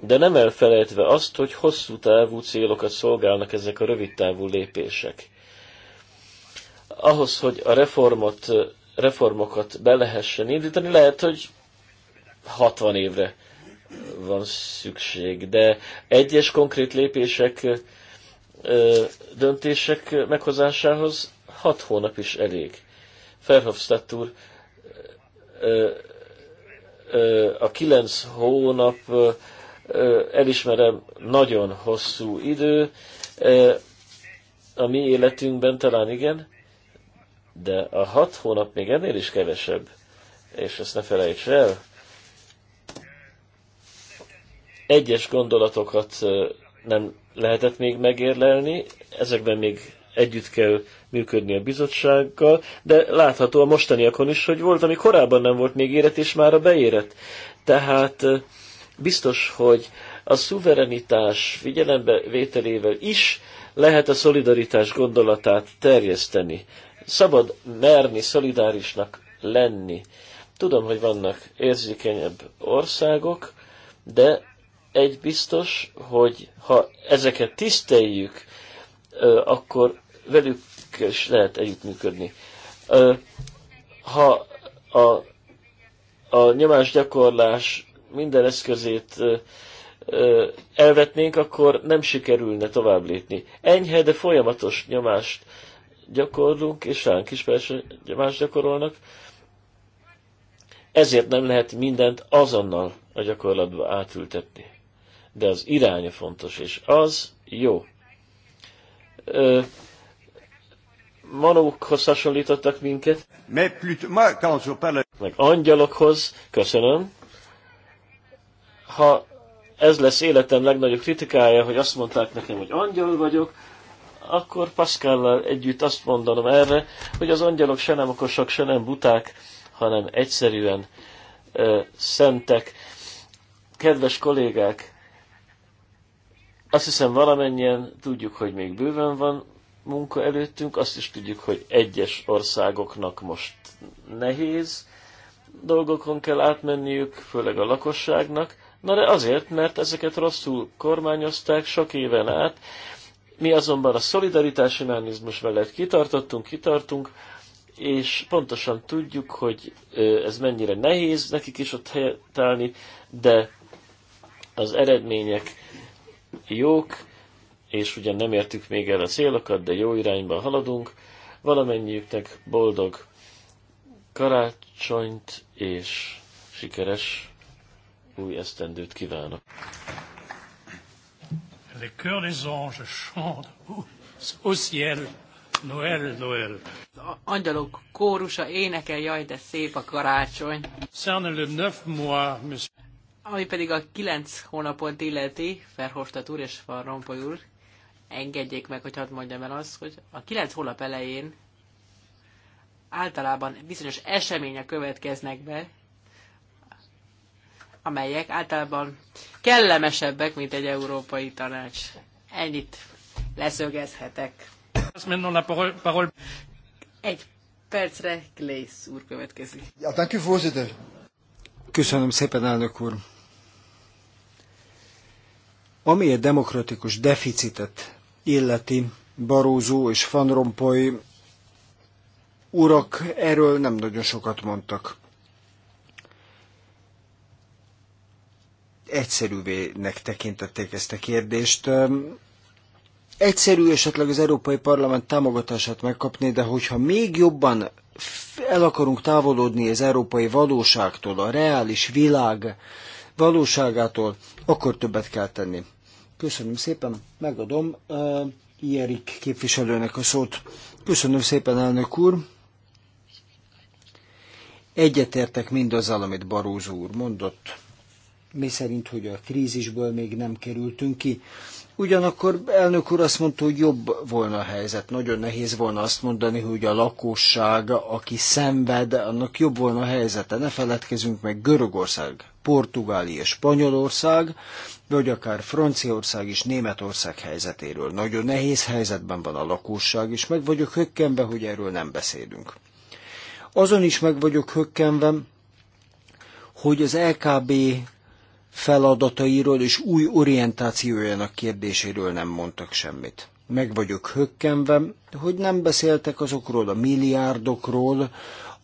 de nem elfelejtve azt, hogy hosszú távú célokat szolgálnak ezek a rövid távú lépések. Ahhoz, hogy a reformot, reformokat be lehessen indítani, lehet, hogy 60 évre van szükség, de egyes konkrét lépések, döntések meghozásához 6 hónap is elég. Verhofstadt úr a 9 hónap elismerem nagyon hosszú idő, a mi életünkben talán igen, de a hat hónap még ennél is kevesebb, és ezt ne felejts el, egyes gondolatokat nem lehetett még megérlelni, ezekben még együtt kell működni a bizottsággal, de látható a mostaniakon is, hogy volt, ami korábban nem volt még érett, és már a beérett. Tehát biztos, hogy a szuverenitás figyelembe vételével is lehet a szolidaritás gondolatát terjeszteni. Szabad merni, szolidárisnak lenni. Tudom, hogy vannak érzékenyebb országok, de egy biztos, hogy ha ezeket tiszteljük, akkor velük is lehet együttműködni. Ha a, a nyomásgyakorlás minden eszközét elvetnénk, akkor nem sikerülne tovább lépni. Enyhe, de folyamatos nyomást gyakorlunk, és ránk is persze nyomást gyakorolnak. Ezért nem lehet mindent azonnal a gyakorlatba átültetni de az iránya fontos, és az jó. manókhoz hasonlítottak minket, meg angyalokhoz, köszönöm. Ha ez lesz életem legnagyobb kritikája, hogy azt mondták nekem, hogy angyal vagyok, akkor Pascállal együtt azt mondanom erre, hogy az angyalok se nem okosak, se nem buták, hanem egyszerűen ö, szentek. Kedves kollégák, azt hiszem valamennyien tudjuk, hogy még bőven van munka előttünk, azt is tudjuk, hogy egyes országoknak most nehéz dolgokon kell átmenniük, főleg a lakosságnak, na de azért, mert ezeket rosszul kormányozták sok éven át, mi azonban a szolidaritási mechanizmus mellett kitartottunk, kitartunk, és pontosan tudjuk, hogy ez mennyire nehéz nekik is ott helyet állni, de az eredmények jók, és ugyan nem értük még el a célokat, de jó irányba haladunk. Valamennyiüknek boldog karácsonyt és sikeres új esztendőt kívánok. Le cœurs des anges chantent au ciel, Noël, Noël. angyalok kórusa énekel, jaj, de szép a karácsony. Cerne le neuf mois, monsieur. Ami pedig a kilenc hónapot illeti, Ferhofstadt úr és Van Rompuy úr, engedjék meg, hogy hadd mondjam el azt, hogy a kilenc hónap elején általában bizonyos események következnek be, amelyek általában kellemesebbek, mint egy európai tanács. Ennyit leszögezhetek. Egy percre Glész úr következik. Köszönöm szépen, elnök úr. Ami a demokratikus deficitet illeti, Barózó és Van Rompuy urak erről nem nagyon sokat mondtak. Egyszerűvének tekintették ezt a kérdést. Egyszerű esetleg az Európai Parlament támogatását megkapni, de hogyha még jobban el akarunk távolodni az európai valóságtól, a reális világ valóságától, akkor többet kell tenni. Köszönöm szépen, megadom uh, Ierik képviselőnek a szót. Köszönöm szépen, elnök úr. Egyetértek mindazzal, amit Barózó úr mondott, mi szerint, hogy a krízisből még nem kerültünk ki. Ugyanakkor elnök úr azt mondta, hogy jobb volna a helyzet. Nagyon nehéz volna azt mondani, hogy a lakosság, aki szenved, annak jobb volna a helyzete. Ne feledkezünk meg Görögország, Portugália, Spanyolország, vagy akár Franciaország és Németország helyzetéről. Nagyon nehéz helyzetben van a lakosság, és meg vagyok hökkenve, hogy erről nem beszélünk. Azon is meg vagyok hökkenve, hogy az LKB feladatairól és új orientációjának kérdéséről nem mondtak semmit. Meg vagyok hökkenve, hogy nem beszéltek azokról a milliárdokról,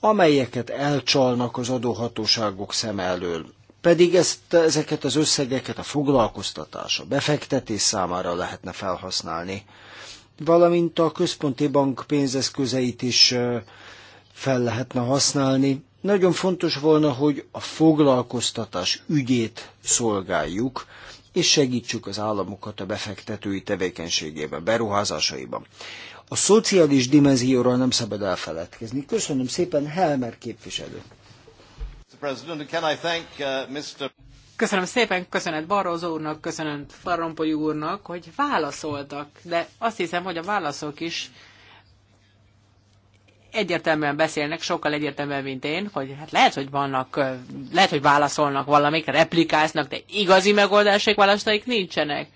amelyeket elcsalnak az adóhatóságok szem elől. Pedig ezt, ezeket az összegeket a foglalkoztatás, a befektetés számára lehetne felhasználni. Valamint a központi bank pénzeszközeit is fel lehetne használni, nagyon fontos volna, hogy a foglalkoztatás ügyét szolgáljuk, és segítsük az államokat a befektetői tevékenységében, beruházásaiban. A szociális dimenzióról nem szabad elfeledkezni. Köszönöm szépen, Helmer képviselő. Uh, Köszönöm szépen, köszönet Barroso úrnak, köszönet Farrompoly úrnak, hogy válaszoltak, de azt hiszem, hogy a válaszok is egyértelműen beszélnek, sokkal egyértelműen, mint én, hogy hát lehet, hogy vannak, lehet, hogy válaszolnak valamik, replikáznak, de igazi megoldásék választaik nincsenek.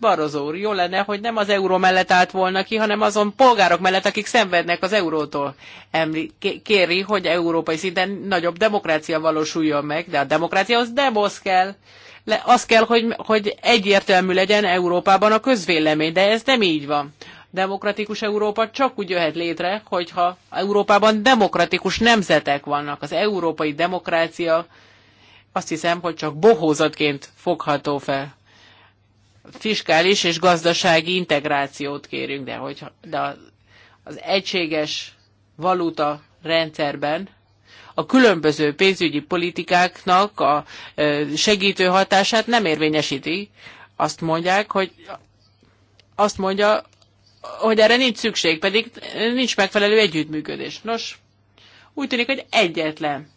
Barozó úr, jó lenne, hogy nem az euró mellett állt volna ki, hanem azon polgárok mellett, akik szenvednek az eurótól. Emli, kéri, hogy európai szinten nagyobb demokrácia valósuljon meg, de a demokrácia demokráciahoz demosz kell. Le, az kell, hogy, hogy egyértelmű legyen Európában a közvélemény, de ez nem így van. Demokratikus Európa csak úgy jöhet létre, hogyha Európában demokratikus nemzetek vannak. Az európai demokrácia azt hiszem, hogy csak bohózatként fogható fel. Fiskális és gazdasági integrációt kérünk, de, hogyha, de az egységes valuta rendszerben a különböző pénzügyi politikáknak a segítő hatását nem érvényesíti. Azt mondják, hogy azt mondja hogy erre nincs szükség, pedig nincs megfelelő együttműködés. Nos, úgy tűnik, hogy egyetlen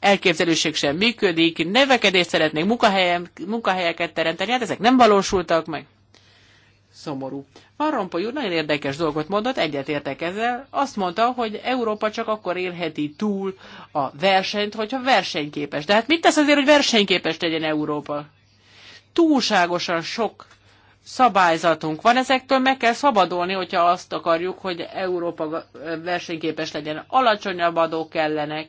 elképzelőség sem működik, nevekedés szeretnék munkahelyen, munkahelyeket teremteni, hát ezek nem valósultak meg. Szomorú. Van Rompuy úr nagyon érdekes dolgot mondott, egyetértek ezzel. Azt mondta, hogy Európa csak akkor élheti túl a versenyt, hogyha versenyképes. De hát mit tesz azért, hogy versenyképes legyen Európa? Túlságosan sok szabályzatunk van, ezektől meg kell szabadulni, hogyha azt akarjuk, hogy Európa versenyképes legyen. Alacsonyabb adók kellenek.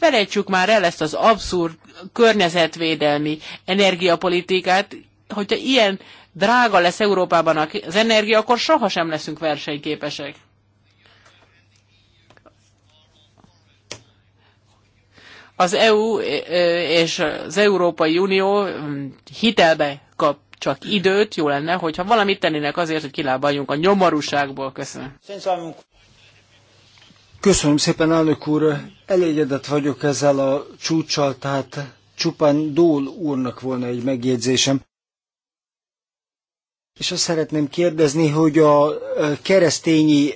Felejtsük már el ezt az abszurd környezetvédelmi energiapolitikát, hogyha ilyen drága lesz Európában az energia, akkor sohasem leszünk versenyképesek. Az EU és az Európai Unió hitelbe kap csak időt, jó lenne, hogyha valamit tennének azért, hogy kilábaljunk a nyomorúságból. Köszönöm. Köszönöm szépen, elnök úr. Elégedett vagyok ezzel a csúcsal, tehát csupán Dól úrnak volna egy megjegyzésem. És azt szeretném kérdezni, hogy a keresztényi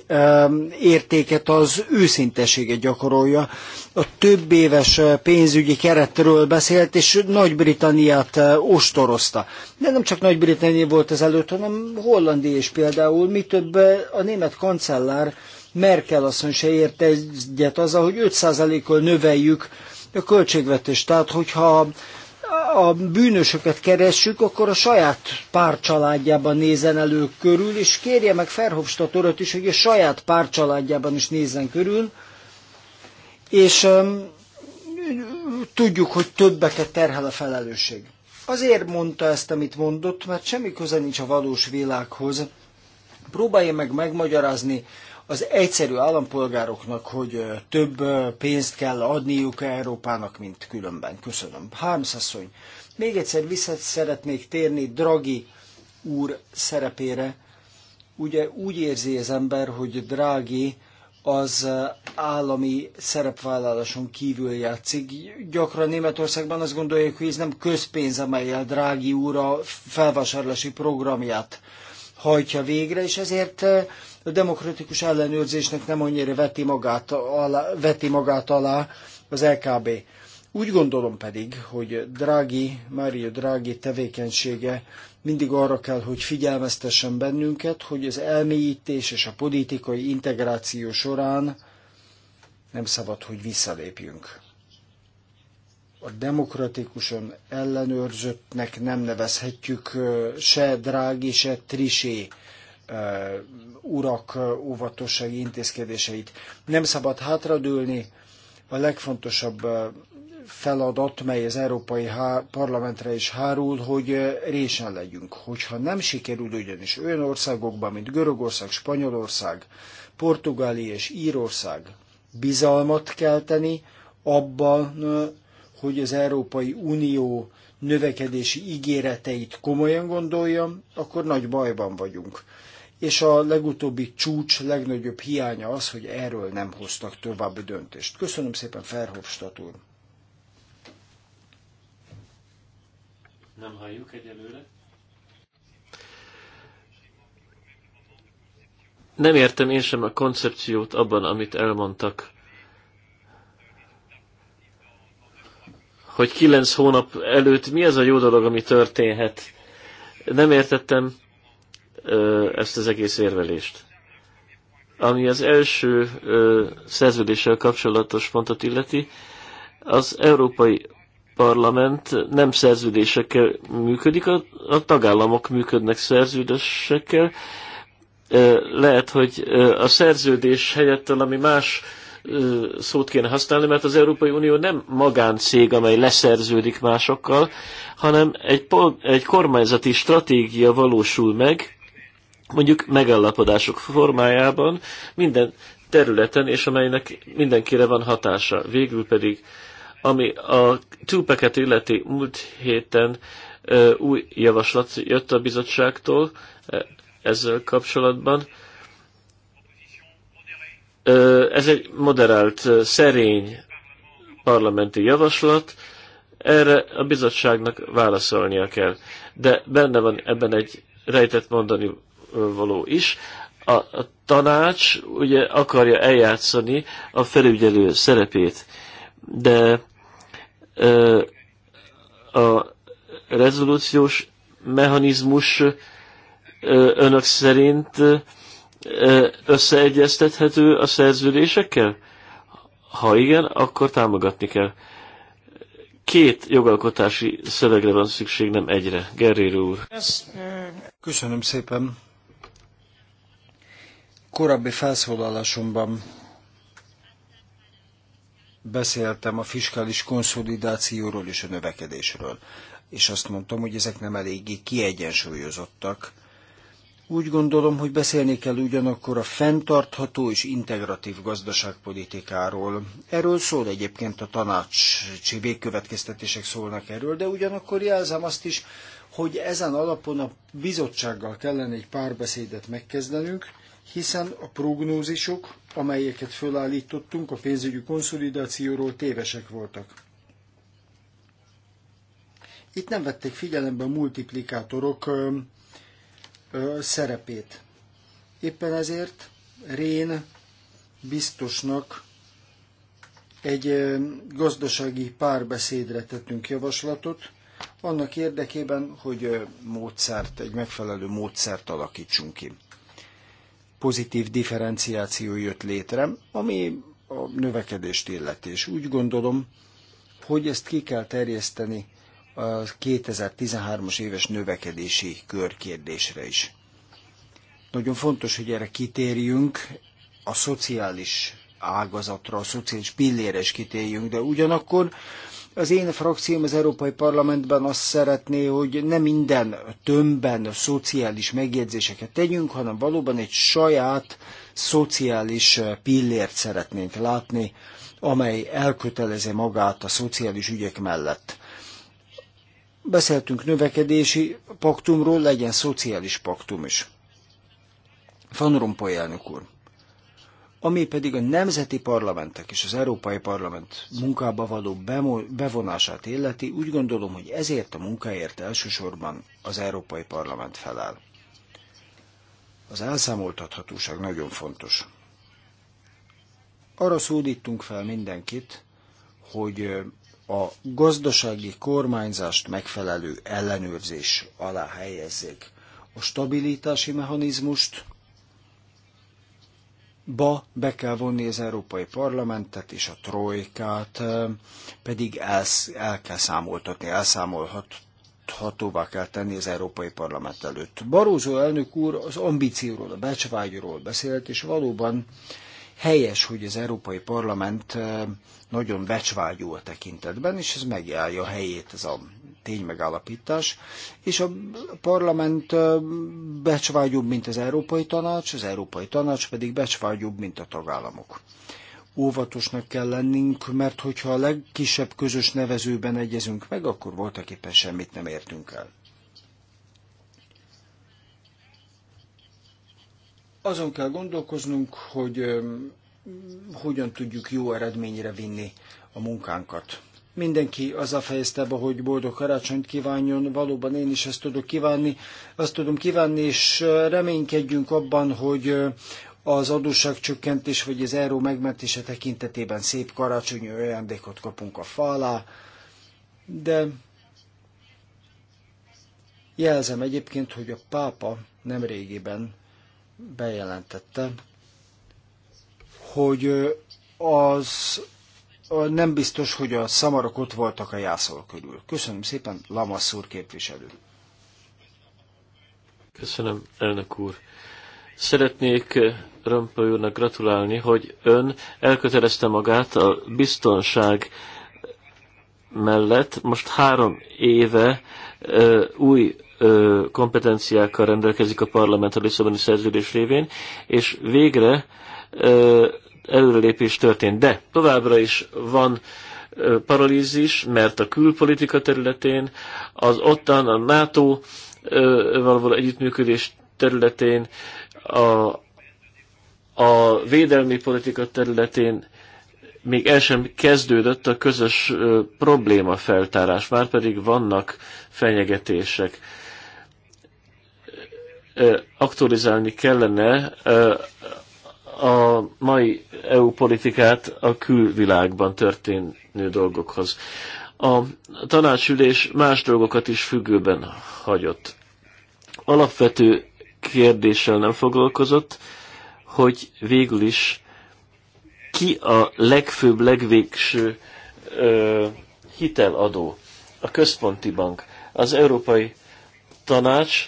értéket az őszintesége gyakorolja. A több éves pénzügyi keretről beszélt, és Nagy-Britanniát ostorozta. De nem csak Nagy-Britannia volt ez előtt, hanem Hollandia is például. Mi több a német kancellár Merkel asszony se ért egyet azzal, hogy 5%-kal növeljük a költségvetést. Tehát, hogyha a bűnösöket keressük, akkor a saját párcsaládjában nézen elő körül, és kérje meg Ferhofstadt urat is, hogy a saját párcsaládjában is nézzen körül, és um, tudjuk, hogy többeket terhel a felelősség. Azért mondta ezt, amit mondott, mert semmi köze nincs a valós világhoz. Próbálja meg megmagyarázni az egyszerű állampolgároknak, hogy több pénzt kell adniuk Európának, mint különben. Köszönöm. Harms asszony, még egyszer vissza szeretnék térni Draghi úr szerepére. Ugye úgy érzi az ember, hogy Draghi az állami szerepvállaláson kívül játszik. Gyakran Németországban azt gondolják, hogy ez nem közpénz, amelyel Drági úr a felvásárlási programját hajtja végre, és ezért a demokratikus ellenőrzésnek nem annyira veti magát alá, veti magát alá az LKB. Úgy gondolom pedig, hogy Drági, Mária Drági tevékenysége mindig arra kell, hogy figyelmeztessen bennünket, hogy az elmélyítés és a politikai integráció során nem szabad, hogy visszalépjünk. A demokratikusan ellenőrzöttnek nem nevezhetjük se Drági, se Trisé urak óvatossági intézkedéseit. Nem szabad hátradőlni, a legfontosabb feladat, mely az Európai Parlamentre is hárul, hogy résen legyünk. Hogyha nem sikerül ugyanis olyan országokban, mint Görögország, Spanyolország, Portugália és Írország bizalmat kelteni abban, hogy az Európai Unió növekedési ígéreteit komolyan gondolja, akkor nagy bajban vagyunk és a legutóbbi csúcs legnagyobb hiánya az, hogy erről nem hoztak tovább döntést. Köszönöm szépen, Ferhofstadt úr! Nem halljuk egyelőre. Nem értem én sem a koncepciót abban, amit elmondtak. Hogy kilenc hónap előtt mi az a jó dolog, ami történhet. Nem értettem ezt az egész érvelést. Ami az első szerződéssel kapcsolatos pontot illeti, az Európai Parlament nem szerződésekkel működik, a, a tagállamok működnek szerződésekkel. Lehet, hogy a szerződés helyett valami más szót kéne használni, mert az Európai Unió nem magáncég, amely leszerződik másokkal, hanem egy, egy kormányzati stratégia valósul meg, mondjuk megállapodások formájában minden területen, és amelynek mindenkire van hatása. Végül pedig, ami a tupeket illeti múlt héten ö, új javaslat jött a bizottságtól ezzel kapcsolatban. Ö, ez egy moderált, szerény parlamenti javaslat, erre a bizottságnak válaszolnia kell. De benne van ebben egy rejtett mondani való is. A, a tanács ugye akarja eljátszani a felügyelő szerepét, de ö, a rezolúciós mechanizmus ö, önök szerint ö, összeegyeztethető a szerződésekkel? Ha igen, akkor támogatni kell. Két jogalkotási szövegre van szükség, nem egyre. Gerrér úr. Köszönöm szépen korábbi felszólalásomban beszéltem a fiskális konszolidációról és a növekedésről, és azt mondtam, hogy ezek nem eléggé kiegyensúlyozottak. Úgy gondolom, hogy beszélni kell ugyanakkor a fenntartható és integratív gazdaságpolitikáról. Erről szól egyébként a tanácsi végkövetkeztetések szólnak erről, de ugyanakkor jelzem azt is, hogy ezen alapon a bizottsággal kellene egy párbeszédet megkezdenünk, hiszen a prognózisok, amelyeket fölállítottunk a pénzügyi konszolidációról tévesek voltak. Itt nem vették figyelembe a multiplikátorok ö, ö, szerepét. Éppen ezért Rén biztosnak egy gazdasági párbeszédre tettünk javaslatot, annak érdekében, hogy módszert, egy megfelelő módszert alakítsunk ki pozitív differenciáció jött létre, ami a növekedést illeti. És úgy gondolom, hogy ezt ki kell terjeszteni a 2013-as éves növekedési körkérdésre is. Nagyon fontos, hogy erre kitérjünk, a szociális ágazatra, a szociális pillére is kitérjünk, de ugyanakkor az én frakcióm az Európai Parlamentben azt szeretné, hogy ne minden tömbben szociális megjegyzéseket tegyünk, hanem valóban egy saját szociális pillért szeretnénk látni, amely elkötelezi magát a szociális ügyek mellett. Beszéltünk növekedési paktumról, legyen szociális paktum is. Van Rompuy elnök úr ami pedig a nemzeti parlamentek és az Európai Parlament munkába való bevonását illeti, úgy gondolom, hogy ezért a munkáért elsősorban az Európai Parlament felel. Az elszámoltathatóság nagyon fontos. Arra szólítunk fel mindenkit, hogy a gazdasági kormányzást megfelelő ellenőrzés alá helyezzék. A stabilitási mechanizmust ba be kell vonni az Európai Parlamentet és a Trojkát, pedig el, el kell számoltatni, elszámolhatóvá kell tenni az Európai Parlament előtt. Barózó elnök úr az ambícióról, a becsvágyról beszélt, és valóban helyes, hogy az Európai Parlament nagyon becsvágyú a tekintetben, és ez megjárja a helyét ez a ténymegállapítás, és a parlament becsvágyobb, mint az Európai Tanács, az Európai Tanács pedig becsvágyobb, mint a tagállamok. Óvatosnak kell lennünk, mert hogyha a legkisebb közös nevezőben egyezünk meg, akkor voltak éppen semmit nem értünk el. Azon kell gondolkoznunk, hogy hogyan tudjuk jó eredményre vinni a munkánkat. Mindenki a fejezte be, hogy boldog karácsonyt kívánjon, valóban én is ezt tudok kívánni, azt tudom kívánni, és reménykedjünk abban, hogy az adósságcsökkentés vagy az euró megmentése tekintetében szép karácsonyi ajándékot kapunk a falá, de jelzem egyébként, hogy a pápa nem régiben bejelentette, hogy az nem biztos, hogy a szamarok ott voltak a jászol körül. Köszönöm szépen, úr képviselő. Köszönöm, elnök úr. Szeretnék eh, Römpöly úrnak gratulálni, hogy ön elkötelezte magát a biztonság mellett. Most három éve ö, eh, új ö, eh, kompetenciákkal rendelkezik a parlament a Lisszaboni szerződés révén, és végre ö, előrelépés történt. De továbbra is van paralízis, mert a külpolitika területén, az ottan a NATO való együttműködés területén, a, a védelmi politika területén még el sem kezdődött a közös probléma feltárás, már pedig vannak fenyegetések. Aktualizálni kellene a mai EU politikát a külvilágban történő dolgokhoz. A tanácsülés más dolgokat is függőben hagyott. Alapvető kérdéssel nem foglalkozott, hogy végül is ki a legfőbb, legvégső ö, hiteladó? A központi bank. Az Európai Tanács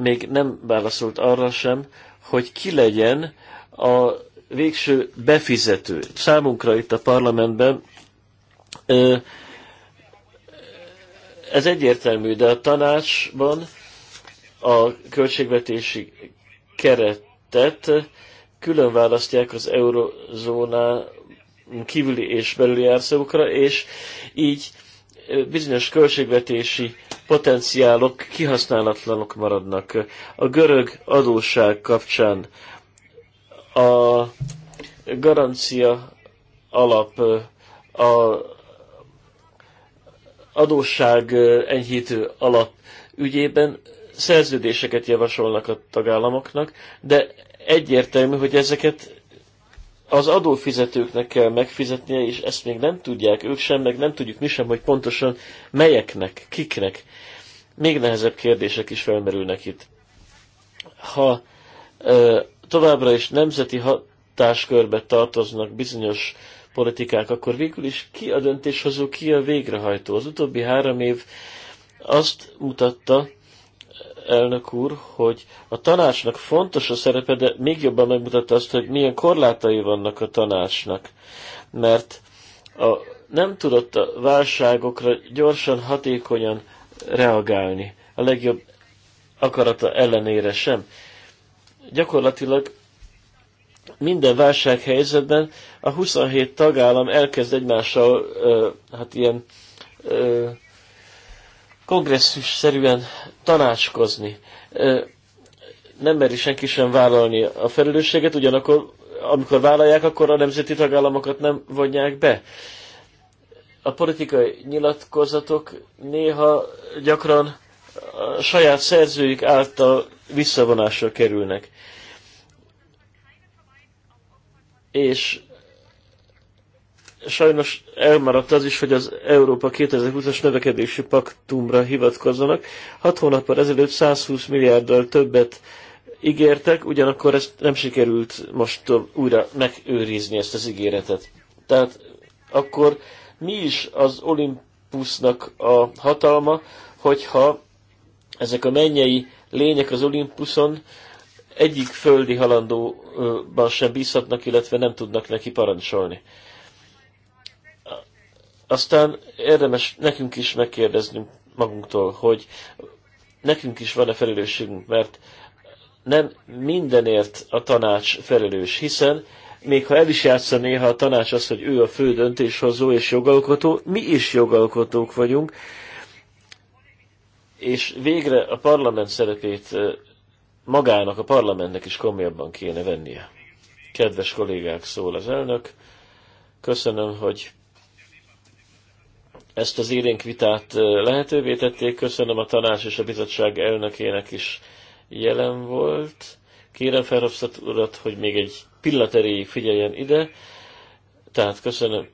még nem válaszolt arra sem, hogy ki legyen a végső befizető számunkra itt a parlamentben ez egyértelmű, de a tanácsban a költségvetési keretet külön választják az eurozóná kívüli és belüli árszavukra, és így bizonyos költségvetési potenciálok kihasználatlanok maradnak. A görög adósság kapcsán a garancia alap a adósság enyhítő alap ügyében szerződéseket javasolnak a tagállamoknak, de egyértelmű, hogy ezeket az adófizetőknek kell megfizetnie, és ezt még nem tudják ők sem, meg nem tudjuk mi sem, hogy pontosan melyeknek, kiknek. Még nehezebb kérdések is felmerülnek itt. Ha ö, továbbra is nemzeti hatáskörbe tartoznak bizonyos politikák, akkor végül is ki a döntéshozó, ki a végrehajtó. Az utóbbi három év azt mutatta, elnök úr, hogy a tanácsnak fontos a szerepe, de még jobban megmutatta azt, hogy milyen korlátai vannak a tanácsnak. Mert a, nem tudott a válságokra gyorsan, hatékonyan reagálni. A legjobb akarata ellenére sem gyakorlatilag minden válsághelyzetben a 27 tagállam elkezd egymással, hát ilyen kongresszus-szerűen tanácskozni. Nem meri senki sem vállalni a felelősséget, ugyanakkor amikor vállalják, akkor a nemzeti tagállamokat nem vonják be. A politikai nyilatkozatok néha gyakran a saját szerzőik által visszavonásra kerülnek. És sajnos elmaradt az is, hogy az Európa 2020-as növekedési paktumra hivatkozzanak. Hat hónappal ezelőtt 120 milliárddal többet ígértek, ugyanakkor ezt nem sikerült most újra megőrizni ezt az ígéretet. Tehát akkor mi is az Olimpusznak a hatalma, hogyha ezek a mennyei lények az Olimpuszon egyik földi halandóban sem bízhatnak, illetve nem tudnak neki parancsolni. Aztán érdemes nekünk is megkérdeznünk magunktól, hogy nekünk is van-e felelősségünk, mert nem mindenért a tanács felelős, hiszen még ha el is játsza néha a tanács az, hogy ő a fő döntéshozó és jogalkotó, mi is jogalkotók vagyunk, és végre a parlament szerepét magának, a parlamentnek is komolyabban kéne vennie. Kedves kollégák, szól az elnök. Köszönöm, hogy ezt az érénk vitát lehetővé tették. Köszönöm a tanács és a bizottság elnökének is jelen volt. Kérem Ferhofstadt urat, hogy még egy pillanat erejéig figyeljen ide. Tehát köszönöm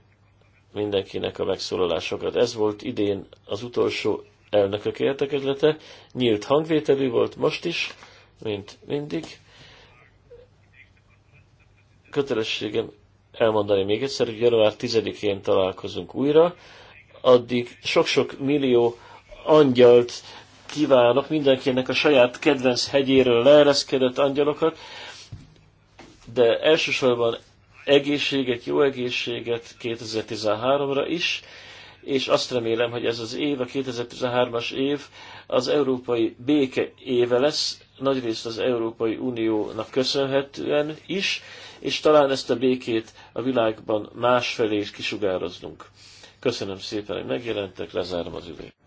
mindenkinek a megszólalásokat. Ez volt idén az utolsó elnökök értekezlete. Nyílt hangvételű volt most is, mint mindig. Kötelességem elmondani még egyszer, hogy január 10-én találkozunk újra. Addig sok-sok millió angyalt kívánok mindenkinek a saját kedvenc hegyéről leereszkedett angyalokat, de elsősorban egészséget, jó egészséget 2013-ra is, és azt remélem, hogy ez az év, a 2013-as év az európai béke éve lesz, nagyrészt az Európai Uniónak köszönhetően is, és talán ezt a békét a világban másfelé is kisugároznunk. Köszönöm szépen, hogy megjelentek, lezárom az ülést.